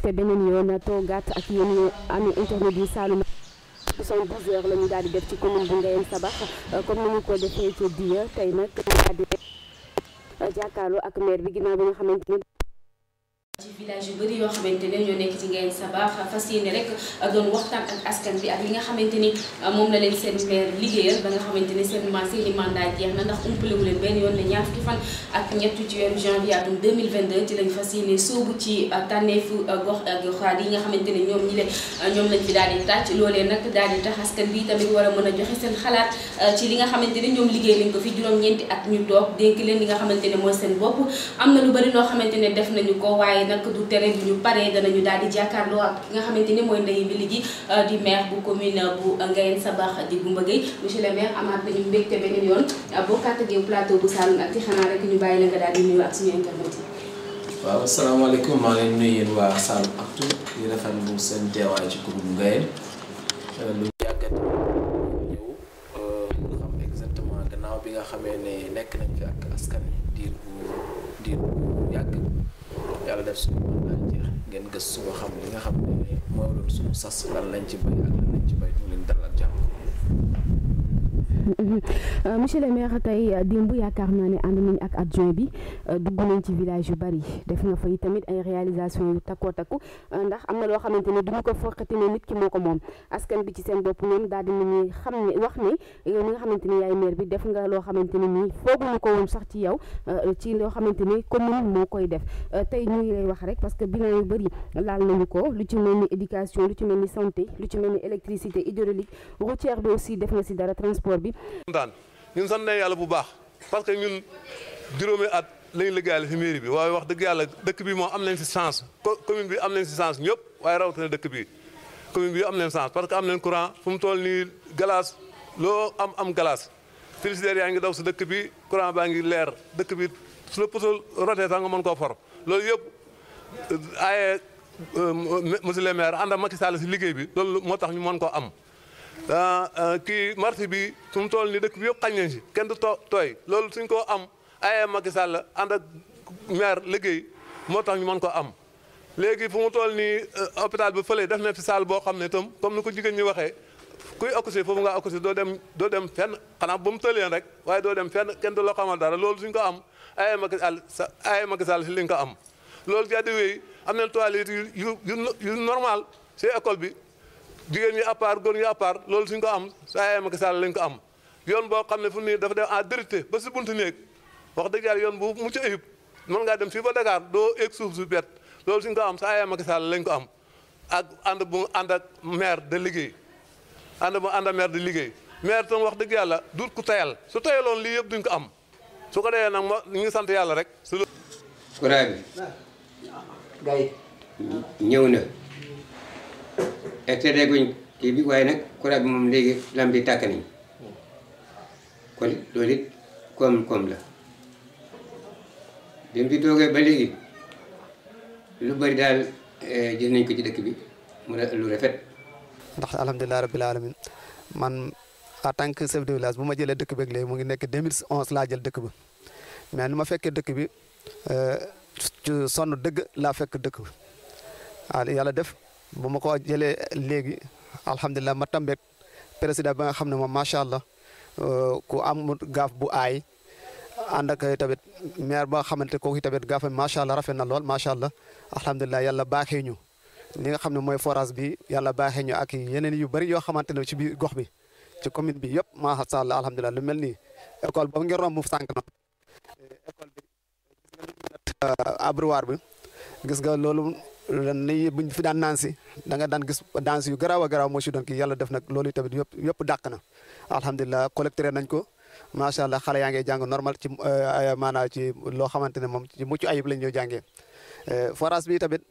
mbégte beneen yoon toogaat ak yéen ami internet yi Saloum 72 heures la ñu daal di def ci commune bu Ngayeen Sabax comme ni ñu ko defee ci diya tey nag daal ak maire bi ginnaaw bi nga xamante ni ci village yu bëri yoo xamante ne ñoo nekk ci ngeen sabaax nga xamante ni euh, moom la leen seen maire liggéeyal ba xamante ne seen ma seeni mandat jeex na euh, euh, gox ak goxaat yi nga xamante ne ñoom ñi le ñoom lañ fi daal di tàcc loolee nag daal di tax askan bi tamit war a mën a joxe seen xalaat ci li nga xamante ne ñoom liggéey nañ ko fi juróom-ñeenti at ñu toog dénk leen li nga xamante ne mooy seen bopp am na lu bëri loo xamante ne def nañu ko waaye nag du terrain bu ñu paree danañu daal di jakarlo ak nga xamanteni moy ndey bi ligi euh, di maire bu commune bu Ngayen Sabax di Goumba Gueye monsieur le maire amaat nañu mbékté benen yoon bo carte gueu plateau bu Saloum ak ci xana rek ñu bayila nga daal di nuyu ak suñu internet wa assalamu alaykum ma len nuyu yéen waa Saloum Actu di bu sen téwaay ci ko groupe Ngayen euh, lu yàggat ñëw euh, xam exactement gannaaw bi nga xamee ne nekk nañ fi ak askan diir bu diir bu def suñu mën ngeen gës su xam li nga xam ne moo doon suñu sas lan lañ ci bay ak lan lañ ci bay du leen dalal jàmm Euh, monsieur le maire tay euh, démb yakar naa ne ànd nañ ak adjoint bi euh, dugg nañ ci village yu bari def nga fa tamit ay réalisation yu takkoo takku ndax amna lo xamanteni xamante ko foqati ne nit ki moko mom askan bi ci seen bop ñom daal dinañuy xam ne wax ni yow nga xamanteni ne yaay maire bi def nga lo xamanteni ni fogu fooguñu ko woon sax ci yow ci lo xamanteni commune mo koy def tay ñu lay wax rek parce que bilan yu bari laal nañu ko lu ci melni éducation lu ci melni santé lu ci melni électricité hydraulique routière bi aussi def nga ci dara transport bi kontaan ñun sant nañu yàlla bu baax parce que ñun juróomi at lañu liggéeyal si mairie bi waaye wax dëgg yàlla dëkk bi moom am nañ si chance commune bi am nañ si chance ñëpp waaye rawatina dëkk bi commune bi am nañ chance parce que am nañ courant fu mu toll nii glace loo am am glace frigidaire yaa ngi daw si dëkk bi courant baa ngi leer dëkk bi su la poteau rotee sax nga mën for loolu yëpp aaye euh, monsieur le maire ànd ak Macky si liggéey bi loolu moo tax ñu mën koo am Ah, ah, kii marché bi su mu toll nii dëkk bi yëpp xañ kenn du to tooy loolu suñ ko am ay Macky Sall la ànd ak liggéey moo tax ñu mën ko am. léegi fu mu toll nii eh, hôpital bi fële def na fi salle boo xam ne itam comme ni ko jigéen ñi waxee kuy accoucher foofu nga accoucher doo dem doo dem fenn xanaa ba mu tëleen rek waaye doo dem fenn kenn du la xamal dara loolu suñ ko am ay Macky sa ay Macky Sall si li nga ko am. loolu jàddu wéy am na toilette yu yu yu normal si école bi. jigéen ñi apart part góor ñi à loolu suñ ko am saa yaay Macky Sall lañ ko am yoon boo xam ne fu ni dafa dem en dérité ba si buntu néeg wax dëgg yàlla yoon bu mucc ayib mën ngaa dem fii ba Dakar doo egg suuf su bett loolu suñ ko am saa yaay Macky Sall lañ ko am ak ànd bu ànd ak maire de liggéey ànd bu ànd maire de liggéey maire tam wax dëgg yàlla duut ku tayal su tayaloon lii yëpp duñ ko am su ko defee nag ma ñu ngi sant yàlla rek. su ko bi. gars yi ñëw na. hectare guñ kii bi waaye nag courant bi moom léegi lam bi tàkk nañ kon loolu la bi mu fi toogee ba léegi lu bari daal eh, jël nañ ko dëkk bi mu ne lu rafet. ndax alhamdulilah rabbil man en tant que de village bu ma jëlee dëkk bi ak léegi mu ngi nekk 2011 laa jël dëkk bi mais nu ma fekkee dëkk bi eh, sonn dëgg laa fekk dëkk bi yàlla def. bu ma ko jëlee léegi alhamdulilah ma tambeek président ba nga xam ne moom macha allah euh, ku am gaaf bu ay ànd ak tamit maire ba nga xamante kooku tamit gaafam macha allah rafet na lool macha allah alhamdulilah yàlla baaxee ñu li nga xam ne mooy forage bi yàlla baaxee ñu ak yeneen yu bëri yoo xamante ne ci biir gox bi ci commune bi yëpp macha allah alhamdulilah lu mel nii école boobu ngeen romb sànq na école bi gis nga euh, bi gis nga ni buñ fi daan dansi danga daan gis danse yu garaaw a garaaw moo si doon kii yàlla def nag loolu tamit yëpp yëpp dàq na alhamdulilah collecté nañ ko macha allah xale yaa ngi jàng normal ci euh, maanaam ci loo xamante ne moom ci mucc ayib lañ ñoo jàngee euh, forage bi tamit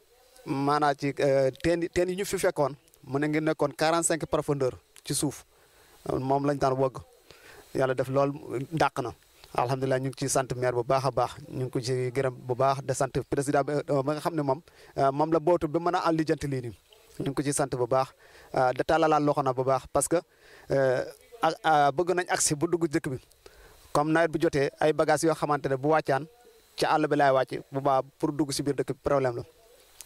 maanaam ci euh, teen teen yi ñu fi fekkoon mu ne ngi nekkoon 45 profondeur ci suuf moom lañ daan wëgg yàlla def loolu dàq na. alhamdulilah ñu ngi ciy sant maire bu baax a baax ñu ngi ko ci gërëm bu baax de sant président euh, ba nga xam ne moom euh, moom la bootu ba mën a lijjanti lii nii ñu ngi ko ciy sant bu baax euh, da tàllalaal loxo na bu baax parce que bëgg nañ agsi bu dugg dëkk bi comme nawet bu jotee ay bagages yoo xamante ne bu wàccaan ci àll bi laay wàcc bu baax pour dugg si biir dëkk problème la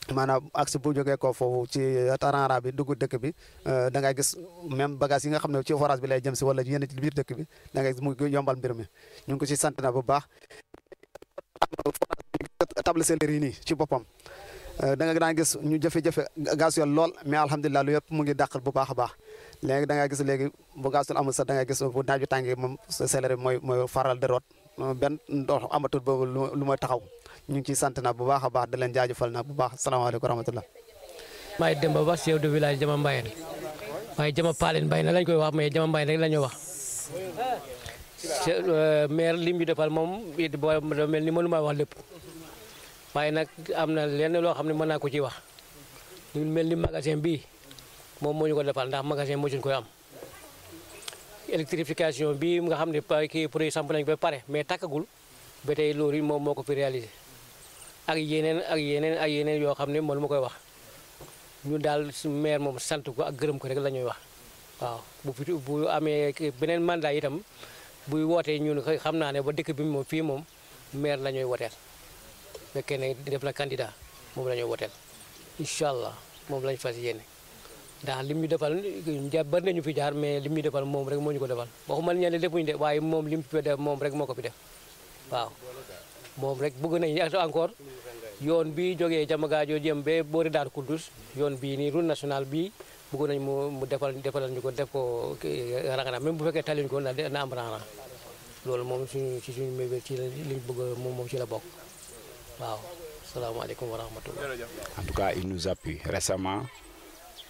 maanaam axe bu jógee ko foofu ci tarara bi dugg dëkk bi euh, da ngay gis même bagage yi nga xam ne ci forage bi lay jëm si wala yenn ci biir dëkk bi da ngay gis mu yombal mbir mi ñu ngi ko ci sant na bu baax table selleri ci boppam euh, da nga daan gis ñu jafe-jafe gasoil lool mais alhamdulilah lu yëpp mu ngi dàqal bu baax a baax léegi da ngay gis léegi bu gasoil amul sax da ngay gis bu naaju tàngee moom selleri bi mooy mooy faral di root benn ndox amatul boobu lu mooy taxaw ñu ngi ciy sant na bu baax a baax da leen jaajëfal na bu baax salaamaaleykum wa rahmatulah. maa ngi Demba Ba chef de village Jama Mbayeen waaye Jama Paaleen Mbayeen lañ koy wax mais Jama Mbayeen rek la ñu wax. Euh, maire lim ñu defal moom it boo mel ni mënu maa wax lépp waaye nag am na lenn loo xam ne mën naa ko ciy wax lu mel ni magasin bii moom moo ñu ko defal ndax magasin moo suñ koy am. électrification bi nga xam ne kii pour samp nañ ba pare mais takkagul ba tey loolu moom moo ko fi réalisé ak yenen ak yenen ak yenen yo xamne mo lu ma koy wax ñu dal su maire mom sant ko ak gërëm ko rek lañuy wax waaw bu fi bu amé benen mandat itam bu woté ñun xam naa ne ba dëkk bi mo fi mom maire lañuy woté woteel né def la candidat mom lañuy woté inshallah mom allah lañ fas yene da lim ñu defal jabar nañu fi jaar mais lim ñu defal mom rek moñu ko defal waxuma ñeneen defuñu de waye mom lim fi def mom rek moko fi def waaw mom rek bëgg nañu encore yoon bi joggé jógee Diamagadio jëm ba boori Daaru Kuddus yoon bi ni route nationale bi bëgg nañ mu mu défal defalal ñu ko def ko euh, rangana même bu féké taliñ ko na na am rangana loolu moom suñu ci suñu mébét ci li bëgg mom mom ci la bok waaw alaykum wa rahmatullah en tout cas il nous appuie récemment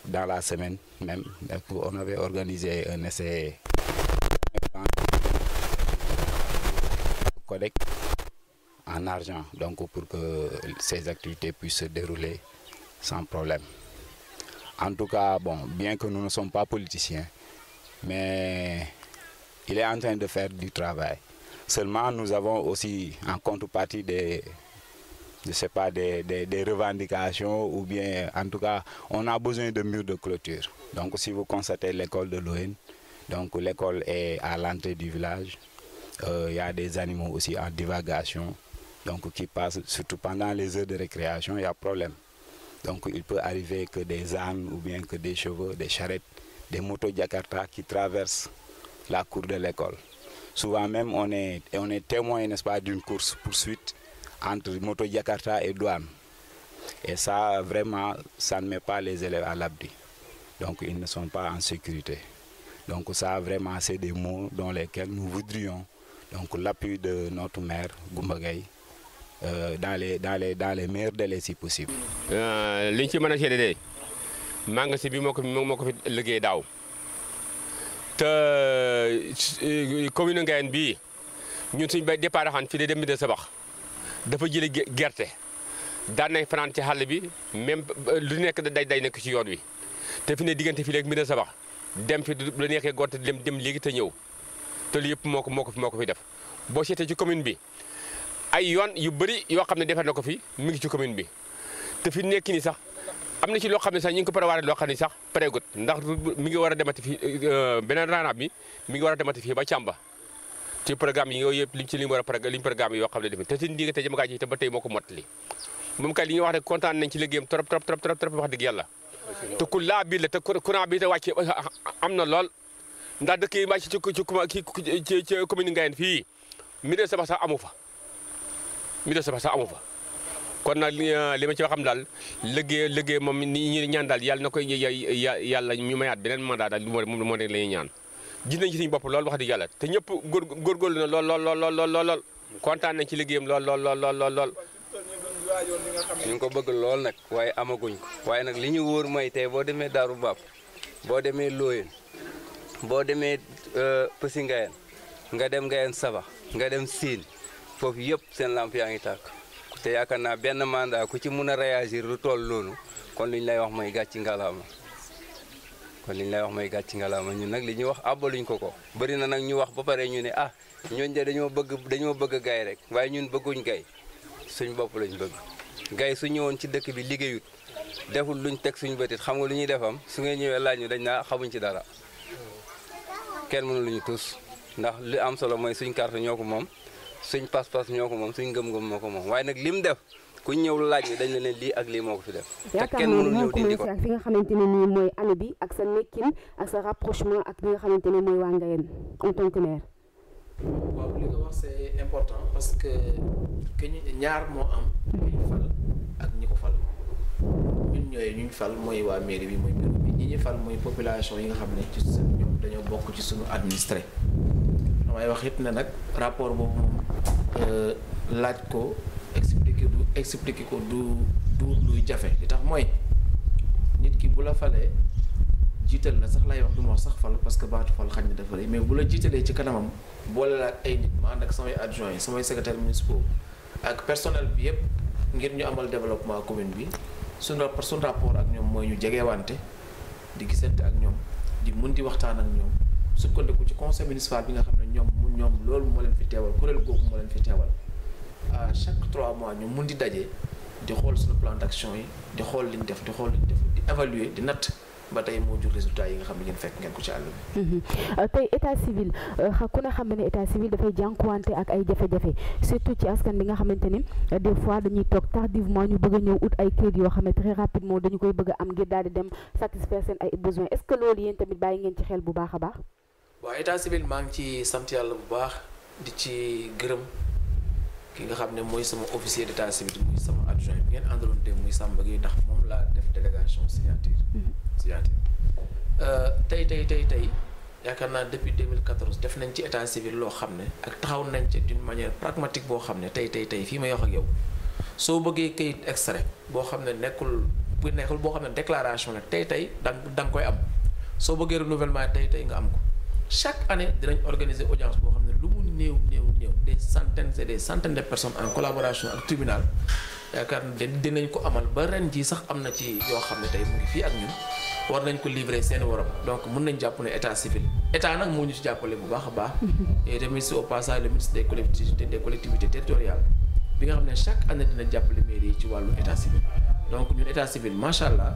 dans la semaine même on avait organisé un essai collecte en argent, donc pour que ces activités puissent se dérouler sans problème. En tout cas, bon, bien que nous ne sommes pas politiciens, mais il est en train de faire du travail. Seulement, nous avons aussi en contrepartie des, je sais pas, des, revendications ou bien, en tout cas, on a besoin de murs de clôture. Donc, si vous constatez l'école de Loin donc l'école est à l'entrée du village. Euh, il y a des animaux aussi en divagation donc qui passe surtout pendant les heures de récréation, il y a problème. Donc il peut arriver que des ânes ou bien que des chevaux, des charrettes, des motos Jakarta qui traversent la cour de l'école. Souvent même on est, on est témoin, n'est-ce pas, d'une course poursuite entre moto Jakarta et douane. Et ça, vraiment, ça ne met pas les élèves à l'abri. Donc ils ne sont pas en sécurité. Donc ça, vraiment, c'est des mots dans lesquels nous voudrions l'appui de notre maire Goumbagaye. Euh, dans les dans les dans les meilleurs délais si possible. Euh, li ñu ci mën a seede de magasin bi moo ko moo ko fi liggéey daaw te euh, commune Ngayen bi ñun suñ ba départ xan fi day dem de sabax dafa jële gerte daan nañ fanaan ci xàll bi même lu nekk day day nekk ci yoon wi te fi ne diggante fi léegi mi de sabax dem fi la nekkee gonte dem dem léegi te ñëw te li yëpp moo ko moo ko moo ko fi def boo seetee ci commune bi. ay yoon yu bëri yoo xam ne defar na ko fi mu ngi ci commune bi te fi nekk nii sax am na ci loo xam ne sax ñu ngi ko préparé loo xam ne sax pareegut ndax mi ngi war a demati fii euh, beneen raanaab bi mi ngi war a demati fii ba càmba ci programme yi yooyu yëpp liñ ci liñ war a liñ programme yoo ne def te si ndiga te jëmakaay ci te ba tey moo ko mottali moom kay li ñuy wax rek kontaan nañ ci liggéeyam trop trop trop trop trop wax dëgg yàlla te ku laa biir la te courant bi te wàcce na lool ndax dëkk yi ma ci ci ci commune Ngayeen fii mi dee sama sax amu fa mi de sa sax amu fa kon nag euh, li ma ci waxam daal liggéey liggéey moom ni ñu ñaan daal yàlla na koy yàlla ñu mayaat beneen mandat daal moom moo nekk la ñuy ñaan gis nañ ci suñu bopp lool wax dëgg yàlla te ñëpp góor góorgóorlu na lool lool lool lool lool lool kontaan nañ ci liggéeyam lool lool lool lool lool lool ñu ngi ko bëgg lool nag waaye amaguñ ko waaye nag li ñu wóor mooy tey boo demee Daaru Baab boo demee Looyen boo demee euh, Pësi Ngayen nga dem Ngayen Saba nga dem Siin foofu yëpp seen lamp yaa ngi tàkk te yaakaar naa benn mandat ku ci mun a réagir lu toll loolu kon li lay wax mooy gàcci ngalaama kon li ñu wax mooy gàcci ngalaama ñun nag li ñuy wax àbbaluñ ko ko bëri na nag ñu wax ba pare ñu ne ah ñooñ de dañoo bëgg dañoo bëgg gay rek waaye ñun bëgguñ gay suñ bopp lañ bëgg gay su ñëwoon ci dëkk bi liggéeyut deful luñ teg suñ bëtit xam nga lu ñuy defam su ngeen ñëwee laaj ñu dañ naa xamuñ ci dara kenn mënu lu tus ndax li am solo mooy suñ carte ñoo moom suñ pas-pas ñoko mom moom suñ gëm ngëm moo ko moom waaye lim def ku ñëw laaj bi dañ la né li ak li moko fi def. te kenn mënul ñëw dindi ko fi nga xamante ni moy mooy année bi ak sa nekkin ak sa rapprochement ak bi nga xamante moy wa nga Ngayeen en tant que maire. waaw li nga wax c'est important parce que que ñaar mo am. ñi fal ak ñiko ko fal ñun ñoy ñu fal moy wa mairie bi moy mairie bi ñi ñi fal moy population yi nga xamné ne ci ñoom dañoo bokk ci suñu administré. damay wax it ne nag rapport boobu moom euh, laaj ko expliquer du expliquer ko du du luy jafe li tax mooy nit ki bu la falee jiital na sax lay wax du moo sax fal parce que baatu fal xañ na dafa mais bu la jiitalee ci kanamam boole la ay nit ma ànd ak samay adjoint yi samay secrétaire municipaux ak personnel bi yëpp ngir ñu amal développement commune bi suñu suñu rapport ak ñoom mooy ñu jegewante di gisante ak ñoom di mun di waxtaan ak ñoom sukkandiku ci conseil municipal bi nga xam ne ñoom ñoom loolu moo leen fi teewal kuréel googu moo leen fi teewal à chaque trois mois ñu mun di daje di xool suñu plan d'action yi di xool liñ def di xool liñ def di évaluer di natt. ba tey moo jur résultat yi nga xam ne ngeen fekk ngeen ko ci àll bi. Mhm. Euh, tey état civil euh, ku ne xam ne état civil dafay jànkuwante ak ay jafe-jafe surtout ci askan bi nga xamante ni euh, des fois dañuy toog tardivement ñu bëgg a ñëw ut ay kayit yoo xam ne très rapidement dañu koy bëgg a am ngir daal di dem satisfaire seen ay besoin est-ce que loolu yéen tamit bàyyi ngeen ci xel bu baax a baax. waaw état civil maa ngi ci sant yàlla bu baax di ci gërëm ki nga xam ne mooy sama officier d' état civil muy sama adjoint bi ngeen àndaloon de muy Samba Gueye ndax moom laa def délégation signature mm-hmm. signature euh, tey tey tey tey yaakaar naa depuis 2014 def nañ ci état civil loo xam ne ak taxaw nañ ci d' une manière pragmatique boo xam ne tey tey tey fii may wax ak yow soo bëggee kayit extrait boo xam ne nekkul bu nekkul boo xam ne déclaration la tey tey da da koy am soo bëggee tey tey nga am ko chaque année dinañ organiser audience boo xam ne lu mu néew des centaines et des centaines de personnes en collaboration ak tribunal car na dinañ ko amal ba ren sax amna ci yo xamné tay mu ngi fi ak ñun war nañ ko livrer seen waram donc mun nañ jàpp ne état civil état nak moo ñu ci jappalé bu baax baax. et tamit au passage le ministre des collectivités des collectivités territoriales bi nga xamné chaque année dina jappalé mairie ci walu état civil donc ñun état civil machallah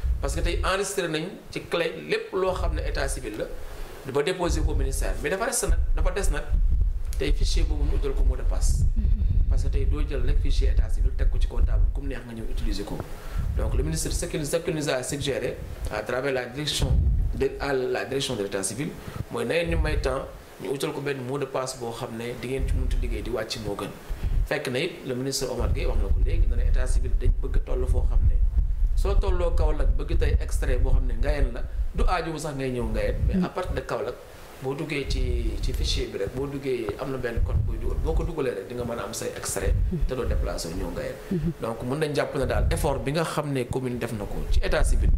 parce que tey enregistré nañ ci clé lépp loo xam ne état civil la du ba déposé ko ministère mais dafa des nag dafa des nag tey fichier boobu ñu utal ko mot de passe. parce que tey doo jël rek fichier état civil teg ko ci comptable comme neex nga ñëw utiliser ko donc le ministre ce qu'il nous a suggéré à travers la direction de à la direction de l'état civil mooy na ñu may temps ñu utal ko benn mot de boo xam ne di ngeen ci mënut liggéey di wàcc moo gën fekk na it na ko léegi na ne état dañ bëgg toll foo xam ne. soo tolloo Kaolack bëgg tey extrait boo xam ne Ngayeen la du aajowu sax ngay ñëw Ngayeen mais hmm. à partir de Kaolack boo duggee ci ci fichier bi rek boo duggee am na benn code buy boo ko dugalee rek di nga mën a am say extrait hmm. te doo déplacé ñëw Ngayeen hmm. donc mun nañ jàpp ne daal effort bi nga xam ne commune def na ko ci état civil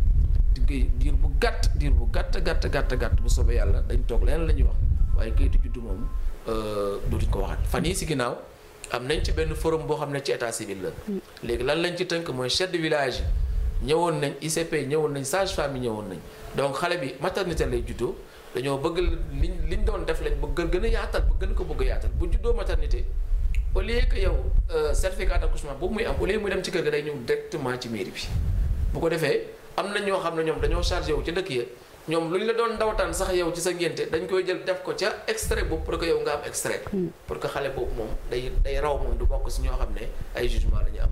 di diir bu gàtt diir bu gàtt gàtt gàtt gàtt bu soobee yàlla dañ toog leneen la ñuy wax waaye kayitu juddu moom euh, dootuñ ko waxat fan yii si ginnaaw am nañ ci benn forum boo xam ne ci état civil la léegi lan lañ ci tënk mooy chef de village ñëwoon nañ ICP ñëwoon nañ sage-femme yi ñëwoon nañ donc xale bi maternité lay juddoo dañoo bëgg li li ñu doon def lañ bëgg gën a yaatal ba gën ko bëgg a yaatal bu juddoo maternité au lieu que yow euh, certificat d'accouchement boobu muy am au lieu muy dem ci kër ga day ñëw directement ci mairie bi bu ko defee am na ñoo xam ne ñoom dañoo chargé wu ci dëkk ya ñoom lu ñu la doon ndawtaan sax yow ci sa ngénte dañ koy jël def ko ca extrait boobu pour que yow nga am extrait hmm. pour que xale boobu moom day day raw moom du bokk si ñoo xam ne ay jugement la ñu am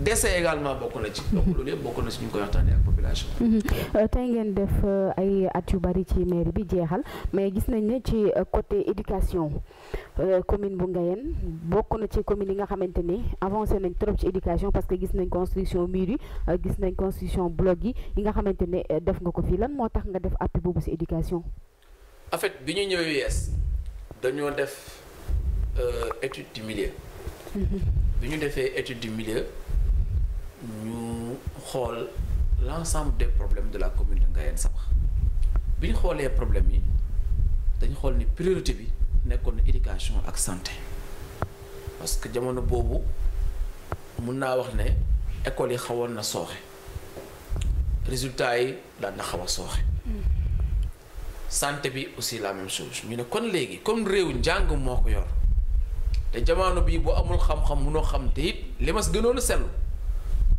décès également bokk na ci donc loolu yëpp na ci ñu koy waxtaanee ak population. Mhm. Euh, tay ngeen def euh, ay at yu bari ci mairie bi jéxal mais gis nañ né ci euh, côté éducation commune bu ngayen bokk na ci commune yi nga xamante ni avancé nañ trop ci éducation parce que gis nañ construction mur yi gis nañ construction bloc yi yi nga xamante def nga ko fi lan moo tax nga def appui boobu ci éducation. en fait biñu ñu ñëwee yees dañoo def étude du milieu. Mhm. bi ñu defee étude du milieu ñu xool l'ensemble des problèmes de la commune de Ngayène Sabakh bi ñu xoolee problème yi dañu xool ni priorité bi nekkoon na éducation ak santé parce que jamono boobu mun naa wax ne école yi xawoon na sooxe Résultat yi daan na xaw a santé bi aussi la même chose ñu ne kon légui comme rew njàng moko yor Té jamono bi bo amul xam-xam mëno xam té it li mas gënoon a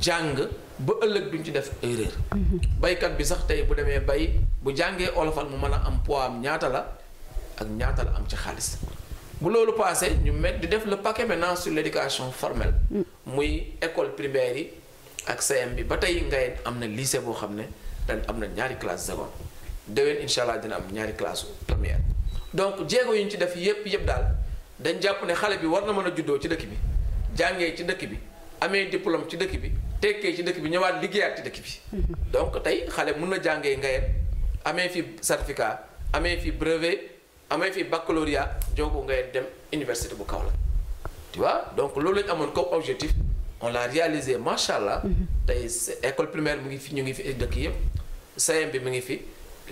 jàng ba ëllëg duñ ci def erreur. baykat bi sax tey bu demee bay bu jàngee olofal mu mën a am poids ñaata la ak ñaata la am ci xaalis bu loolu paasee ñu met di def le paquet maintenant sur l' éducation muy école primaire yi ak CM bi ba tey ngay am na lycée boo xam ne dañ am na ñaari classe seconde déwén incha allah dina am ñaari classe première donc jéego yu ñu ci def yépp yépp daal dañ jàpp ne xale bi war na mën a juddoo ci dëkk bi jàngee ci dëkk bi. amé diplôme ci dëkk bi tekkee ci dëkk bi ñëwaat liggéeyaat ci dëkk bi mhm. donc tay xalé mëna jàngé jàngee ngayeen fi certificat amé fi brevet amé fi baccalauréat joogu ngayeen dem université bu tu vois donc loolu lañ amoon comme objectif on l'a réalisé machallah mhm. tay école primaire mu ngi fi ñu ngi fi dëkk yëpp CM bi mu ngi fi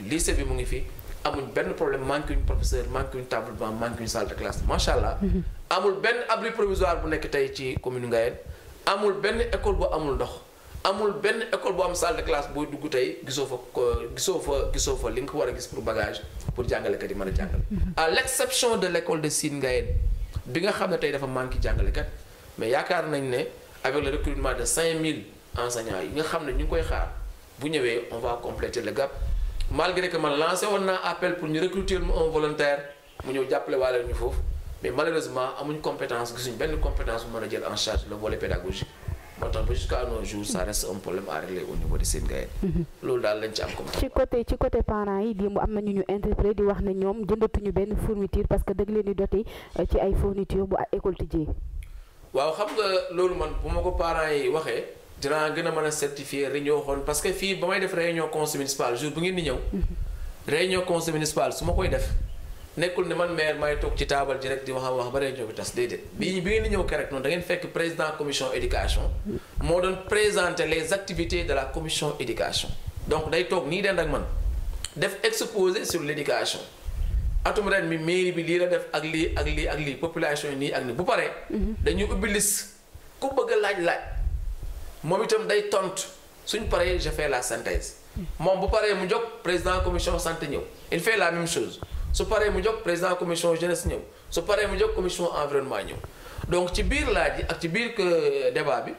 lycée bi mu ngi fi amuñ benn problème manque une professeur manque une table banc manque une salle de classe machallah allah. Mhm. amul benn abri provisoire bu nekk tey ci commune Ngayeen amul Ben école bu amul ndox amul Ben école bu am salle de classe booy dugg tay gisofa gisofa gisofa link wara gis pour bagage pour jàngalekat yi mën a jàngale. Mhm. à l'exception de l'école de Sine Ngayeen bi nga xam tay dafa manki manqué kat mais yakar nañ ne avec le recrutement de 5000 enseignants yi nga xam ñu koy xaar bu ñëwee on va compléter le gap malgré que man lancé woon naa appel pour ñu recruter un volontaire mu ñëw jàppale walé ñu foofu mais malheureusement amuñ compétence gisuñ benn compétence bu mën jël en charge le volet pédagogique moo jusqu'à nos jours ça reste un problème à régler au niveau de Sénégal. gayen mhm. loolu daal lañ ci am comme ci côté ci côté parents yi démb am na ñu ñu interpellé di wax ne ñoom jëndatuñu benn fourniture parce que dëgg leen di doté euh, ci ay fourniture bu ak école tijjee waaw xam nga loolu man bu ma parents yi waxee dinaa gën a certifier réunion parce que fii ba may def réunion conseil municipal jour bu ngeen ñëw mhm. réunion conseil municipal su ma koy def nekul ne man maire may tok ci table direct di wax wax bare réunion bi tas déedéet bi bi ngeen di ñëw keroog da ngeen fekk président commission éducation mo doon présenter les activités de la commission éducation donc day tok ni dend ak man def exposé sur l'éducation. atum ren mi maire bi li la def ak li ak li ak li population ni ak ni bu paree mhm. dañu ubbi liste ku bëgg laaj-laaj mom itam day tontu suñ paré je fais la synthèse mom mhm. bu paré mu jóg président commission santé ñëw il fait la même chose su paree mu jox président commission jeunesse ñëw su paree mu jox commission environnement ñëw donc ci biir laaj ak ci biir euh, débat bi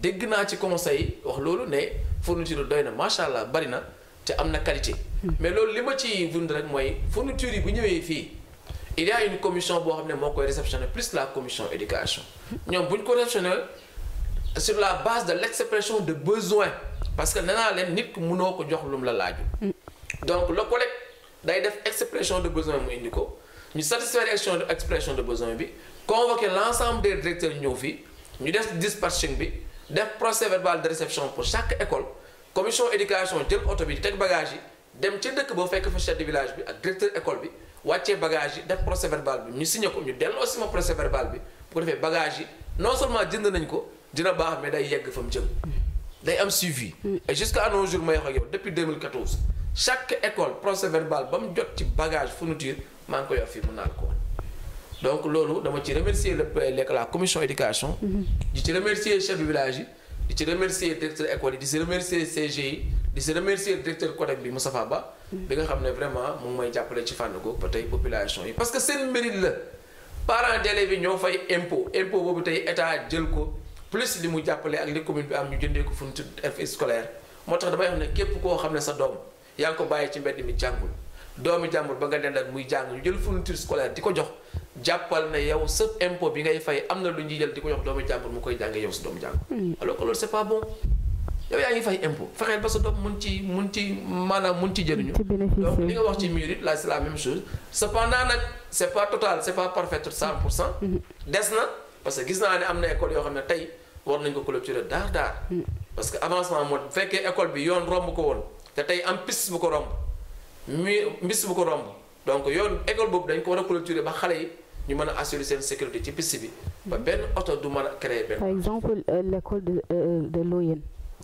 dégg naa ci conseil wax loolu ne fourniture doy na macha allah bari na te am na qualité. Hmm. mais loolu li ma ci vund rek mooy fourniture yi bu ñëwee fii il y a une commission boo xam ne moo koy réceptionné plus la commission éducation ñoom buñ ko réceptionné sur la base de l' expression de besoin parce que nee naa leen nit ku mënoo ko jox lum la laaju hmm. donc le collecte day def expression de besoin mu indi ko ñu satisfaire expression de besoin bi convoquer l'ensemble des directeurs de fii ñu def dispatching bi def procès verbal de réception pour chaque école commission éducation jël auto bi tek bagage yi dem ci dëkk ba fekk fa chef de village bi ak directeur école bi wàccee bagage yi def procès verbal bi ñu signé ko ñu delloo si ma procès verbal bi bu ko bagage yi non seulement jënd nañ ko dina baax mais day yegg fa mu jëm day am suivi et jusqu'à nos jours depuis 2014 chaque école procès verbal bam, jot ci bagage fourniture maa ngi ko yor fii mun ko donc lolu dama ci remercier le la commission éducation. Mm-hmm. di ci remercier chef de village di ci remercier directeur école di ci remercier CGI di ci remercier directeur CODEC bi Moustapha Ba. Mm-hmm. bi nga xam vraiment mu may jappalé ci fànn googu ba population yi parce que c'est mérite la parents d'élèves yi ñoo fay impôt impôt bobu tay état jël ko plus li mu jappalé ak li commune bi am ñu jëndé ko fourniture scolaire motax dama damay xam képp ko xamné sa dom yaa ngi ko bàyyi ci mbedd mi jàngul doomi jàmbur ba nga dendaat muy jàng ñu jël fourniture scolaire di ko jox jàppal na yow sa impôt bi ngay fay am na lu ñuy jël di ko jox doomi jàmbur mu koy jàngee yow sa doomu jàmbur hmm. alors que loolu c'est pas bon yow yaa ngi fay impôt fexeel ba sa doom mun ci mun ci maanaam mun ci jëriñu donc li nga wax ci mur it la c'est la même chose cependant nag c'est pas total c'est pas parfait 100 pour cent hmm. des na parce que gis naa ne am na école yoo xam ne tey war nañ ko clôturer daar daar hmm. parce que avancement moo fekkee école bi yoon romb ko woon te tey am piste bu ko romb mi mbis bu ko romb donc yoon école boobu dañ ko war a clôturer ba xale yi ñu mën a assurer seen sécurité ci piste bi ba benn oto du mën a créer benn. par exemple euh, l'école de euh, de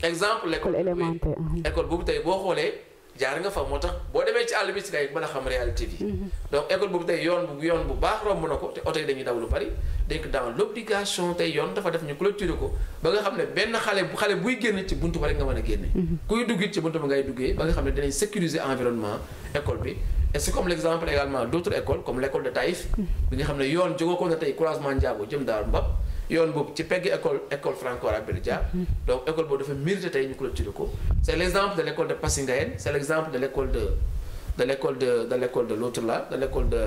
exemple l'école élémentaire uh-huh. école boobu tey boo xoolee. jaar nga fa moo tax boo demee ci àll bi si ngay a xam réalité bi. Mm-hmm. donc école boobu tey yoon bu bu baax romb na ko te oto yi dañuy daw lu bari. donc dans l' obligation tey yoon dafa def ñu clôturer ko ba nga xam ne benn xale buy génn ci buntu ba rek nga mën a génne. Mm-hmm. kuy dugg ci buntu ba ngay duggee ba nga xam ne dinañ sécuriser environnement école bi. et comme l' également d' autres comme l' de Taïf. Mm-hmm. bi nga xam ne yoon jógoo ko na yoon boobu ci pegg école école franco-arabe donc école boobu dafa mérité tey ñu clôturer ko c' est l' exemple de l'école de Passingayène C'est l'exemple de l'école de de l' de de l' de l'autre là de l'école école de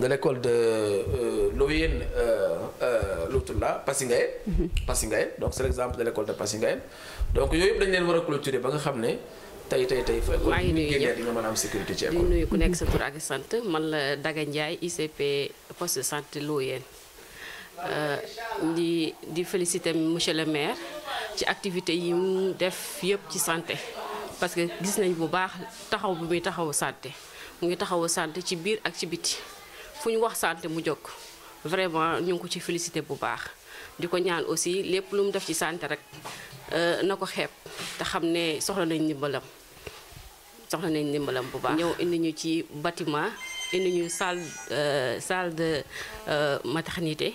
de l' école de euh, Loyenne euh, euh, l'autre là Passingayène mhm. Passingayène donc c'est l'exemple de l'école de Passingayène donc yooyu yëpp dañ leen war a clôturer ba nga xam ne tey tey tey fa maa ngi nuyu ñëpp di nga mën a am sécurité ci école nuyu ku nekk sa tur ak sant man la Daga Ndiaye ICP poste de santé Loyenne je euh, di féliciter monsieur le maire ci activité yi def ci santé parce que gis nañ bu baax taxaw bu taxaw santé ngi taxaw santé santé mu vraiment ñu ngi ko ci féliciter bu baax aussi lépp lu santé rek euh, soxla nañ soxla nañ bu baax. bâtiment indi ñu salle euh, salle de maternité.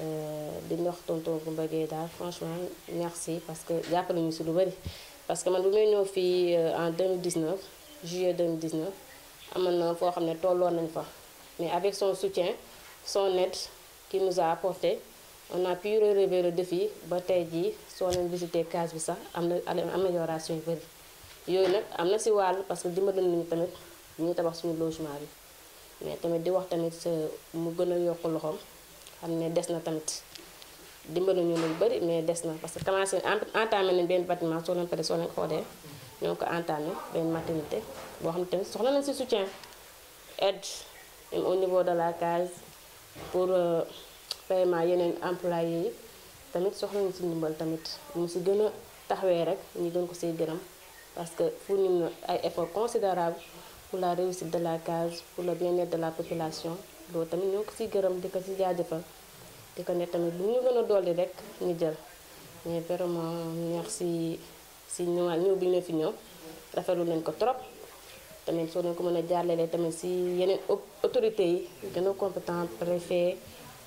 Euh, di la tonton Goumba franchement merci parce que jàpp nañu si lu parce que man bu may euh, en 2019 juillet 2019 à mon enfant, xam ne nañ fa mais avec son soutien son aide qui nous a apporté on a pu relever le défi ba tey jii soo leen visité case sax am amélioration yu bëri yooyu nag am na parce que dimbali nañu tamit ñu tabax suñu logement bi mais tamit di wax tamit mu gën a yokk xam ne des na tamit dimbalu ñu lu bëri mais des na parce que commencé entamé nañ benn bâtiment soo leen paree soo leen xoolee ko entamé benn maternité boo xam ne soxla nañ si soutien aide même au niveau de la case pour paiement euh, yeneen employé yi tamit soxla nañ si ndimbal tamit mu si gën a taxawee rek ñu gën ko siy gërëm parce que fournir na ay effort considérable pour la réussite de la case pour le bien-être de la population loolu tamit ñoo ko siy gërëm di ko ci si jaajëfal di ko ne tamit lu ñu gën a dolli rek ñu jël mais vraiment ñaax si si ñëwaat ñëw bi ñu fi ñëw rafetlu nañ ko trop tamit soo leen ko mën a jaarlelee tamit si yeneen autorité yi gën a compétent préfet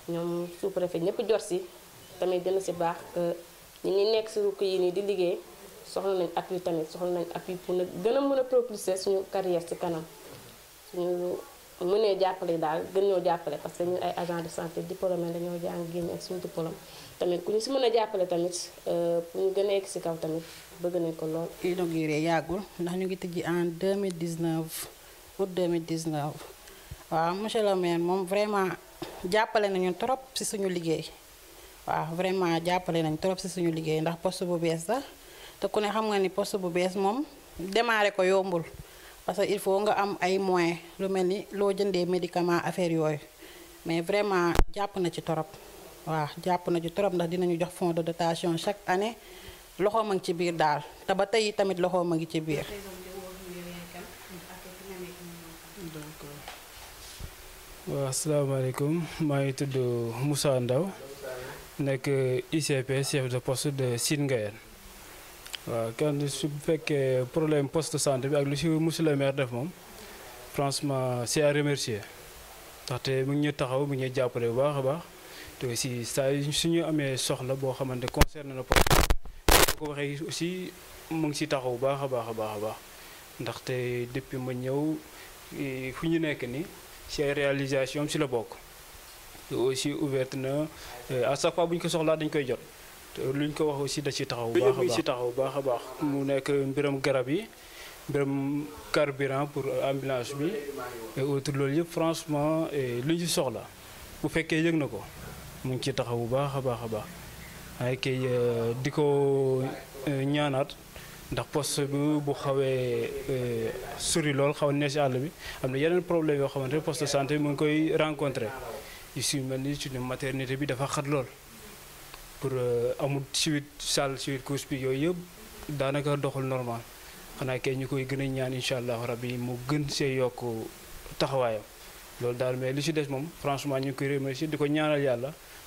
ñoom sous préfet ñëpp jot si tamit dina si baax que ñi ngi nekk si wukk yi nii di liggéey soxla nañ appui tamit soxla nañ appui pour nag gën a mën a propulser suñu carrière ci kanam suñu mu nee jàppale daal gën ñoo jàppale parce que ñun ay agent de santé diplômé dañoo jàng génn ak suñu diplôme tamit ku ñu si mën jàppale tamit pour euh, ñu gën a egg si kaw tamit bëgg nañ ko lool. inauguré yàggul ndax ñu ngi tijji en 2019 août 2019 waaw monsieur le maire moom vraiment jàppale nañu trop si suñu liggéey waaw vraiment jàppale nañ trop si suñu liggéey ndax poste bu bees sax te ku ne xam nga ni post bu bees moom démarré ko yombul. parce que il faut nga am ay moyens lu melni lo jëndé médicament affaire yoy mais vraiment japp na ci torop wa japp na ci torop ndax dinañu jox fonds de dotation chaque année loxo ma ngi ci bir dal ta ba tay tamit loxo ma ngi ci bir wa assalamu alaykum may tudd Moussa Ndaw nek ICP chef de poste de Sine Gayane Quand je su fekkee problème poste santé je franchement c'est à remercier taxaw soxla aussi taxaw depuis réalisation sur le aussi ouverte euh, à chaque fois luñ ko wax aussi da ci taxaw baax a baax ci taxaw baax baax mu nekk mbiram garab yi mbiram carburant pour ambulance bi et autre loolu yëpp franchement et eh, luñ ci soxla bu fekkee yëg na ko mu ngi ci taxaw bu baax a baax a baax waaye kay eh, di ko eh, ñaanaat ndax poste bi bu xawee sori lool xaw ne si àll bi am na yeneen problème yoo xamante poste de santé mu ngi koy rencontré yu si mel ni suñu maternité bi dafa xat lool pour euh, amul suite salle suite course bi yooyu yëpp daanaka doxul normal xanaa kay ñu koy gën a ñaan incha allahu rabbi mu gën see yokk taxawaayam loolu daal mais li si des moom franchement ñu ngi koy remercier di ko ñaanal yàlla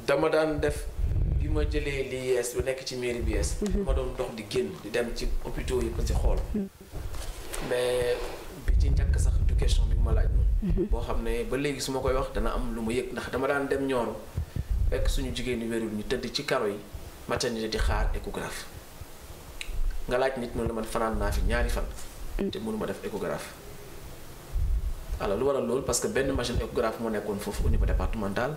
dama daan def bi ma jëlee li yees bu nekk ci mairie bi yees. Mhm. ma doon dox di génn di dem ci hôpitaux yi ko ci xool. Mhm. mais bi ci njëkk sax du question bi ma laaj moom. Mhm. boo xam ne ba léegi su ma koy wax dana am lu ma yëg ndax dama daan dem ñoor fekk suñu jigéen ñi wérul ñu tëdd ci karo yi maternité di xaar échographe nga laaj nit mu ne man fanaan naa fi ñaari fan. te ma def échographe. alors lu waral loolu parce que benn machine échographe moo nekkoon foofu au niveau départemental.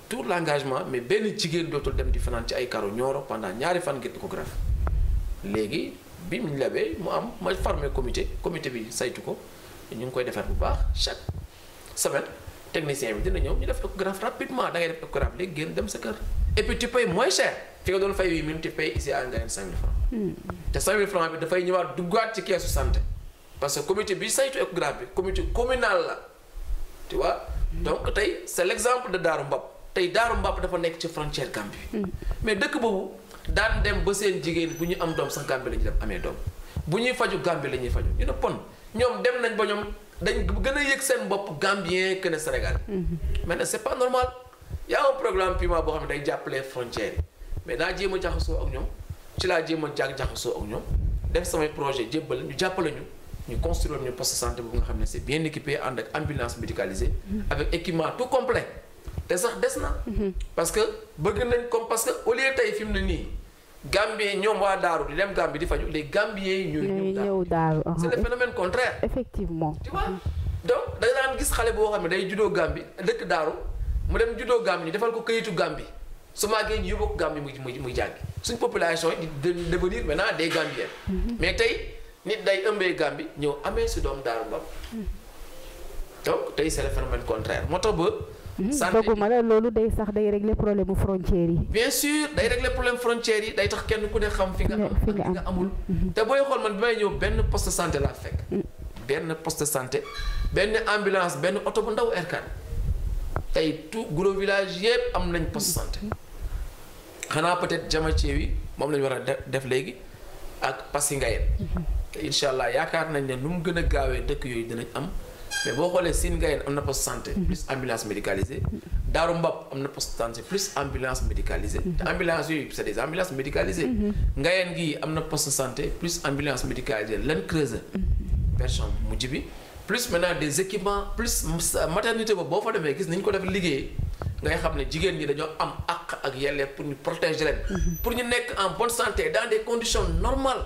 tout l'engagement mais benn jigéen d'autres dem di ci ay pendant ñaari fan avons fait ko bim bi mu labee mu am ma formé comité comité bi saytu ko ñu koy bu baax chaque semaine technicien bi dina ñu def rapidement da def le dem sa et puis tu payes moins cher fi nga fay tu payes ici à 5 5000 francs de hmm. francs bi ci santé parce que comité bi saytu comité communal tu vois hmm. donc c'est l'exemple de Darou tey daru Mbàpp dafa nek ci frontière Gambie. Mm. mais dëkk bobu daan dem ba seen jigéen buñu am doom sax Gambie la dem amé doom buñu faju Gambie lañu faju ñu ne pon ñoom dem nañ ba ñom dañ gëna a seen bopp Gambien que ne Sénégal. Mm-hmm. mais c'est pas normal y a un programme pima bo xamné day jàppale frontière mais daa jéem jaxoso ak ñom ci la jéem a jaag ak ñom def samay projet jébbal ñu jàppale ñu. construire ñu poste santé bu nga xamné c'est bien équipé and ak ambulance médicalisée. Mm-hmm. avec équipement tout complet te sax des na. Mhm. parce que bëgg nañ comme parce que au lieu tey fi mu ne nii. Gambien ñoom waa Daaru di dem Gambie di faju les Gambiens yi ñooy ñëw c'est le uh-huh. phénomène contraire. effectivement tu vois donc da nga daan gis xale boo xam ne day juddoo Gambie dëkk Daaru mu dem juddoo Gambie ñu defal ko këyitu Gambie su màggee ñu yóbbu ko Gambie muy muy muy jàngi population devenir maintenant des Gambiens. Mhm. mais tey nit day ëmbee Gambie ñëw amee si doom Daaru Mbam. Mhm. donc tey c'est le phénomène contraire moo tax ba. fooguma mhm. la loolu day sax day régler problème mu frontières yi. bien sûr day régler problème frontières yi day tax kenn ku ne xam. fi nga am fi nga amul. Mhm. te booy xool man bi may ñëw benn poste de santé laa fekk. Mm. benn poste de santé benn ambulance benn oto bu ndaw R4 tey tout gros village yëpp am nañ post santé mm-hmm. xanaa peut-être Diamanthié wi moom la ñu war a def léegi ak Passy Ngaye. Mm-hmm. te allah yaakaar nañ ne nu mu gën a gaawee dëkk yooyu dinañ am. mais si xoolee signes mhm. santé. plus ambulance médicalisée. Mhm. Mhm. santé plus ambulance médicalisée. ambulance c'est des ambulances médicalisées. santé plus ambulance médicalisée version plus maintenant des équipements plus maternité pour une protéger en bonne santé dans des conditions normales.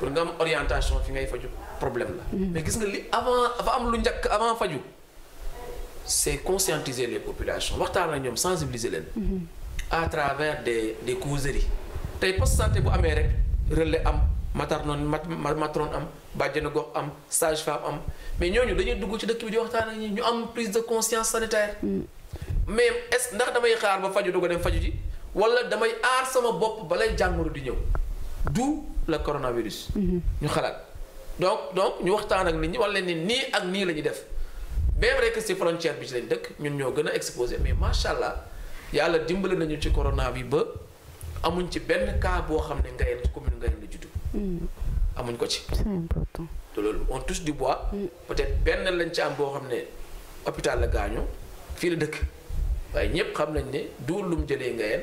pour nga am orientation fi ngay faju problème la. Mm-hmm. mais gis nga li avant avant am lu njëkk avant faju c'est conscientiser les populations waxtaan ak ñom sensibiliser len mm-hmm. à travers des des causeries. tay poste santé bu amé rek relais am matarnon matron am bàjjenu gox am sage-femme am mais ñooñu dañuy dugg ci dëkk bi di waxtaan ak ñi ñu am prise de conscience sanitaire. Mm-hmm. mais est-ce ndax damay xaar ba faju du a dem faju ji wala damay aar sama bop balay jàngoro di ñew d'où le coronavirus. Mm-hmm. ñu xalaat donc donc ñu waxtaan ak nit ñi wala ni nii ak nii la ñuy def bien vrai que si frontière bi ci lañ dëkk ñun ñoo gën a exposé mais macha allah yàlla dimbali nañu ci corona bi ba amuñ ci benn cas boo xam ne Ngayeen ci commune Ngayeen la juddu. Mm-hmm. amuñ ko ci. loolu on touche du bois. Mm. peut-être benn lañ ci am boo xam ne hôpital la gaañoo fii la dëkk waaye ñëpp xam nañ ne duul lum jëlee Ngayeen.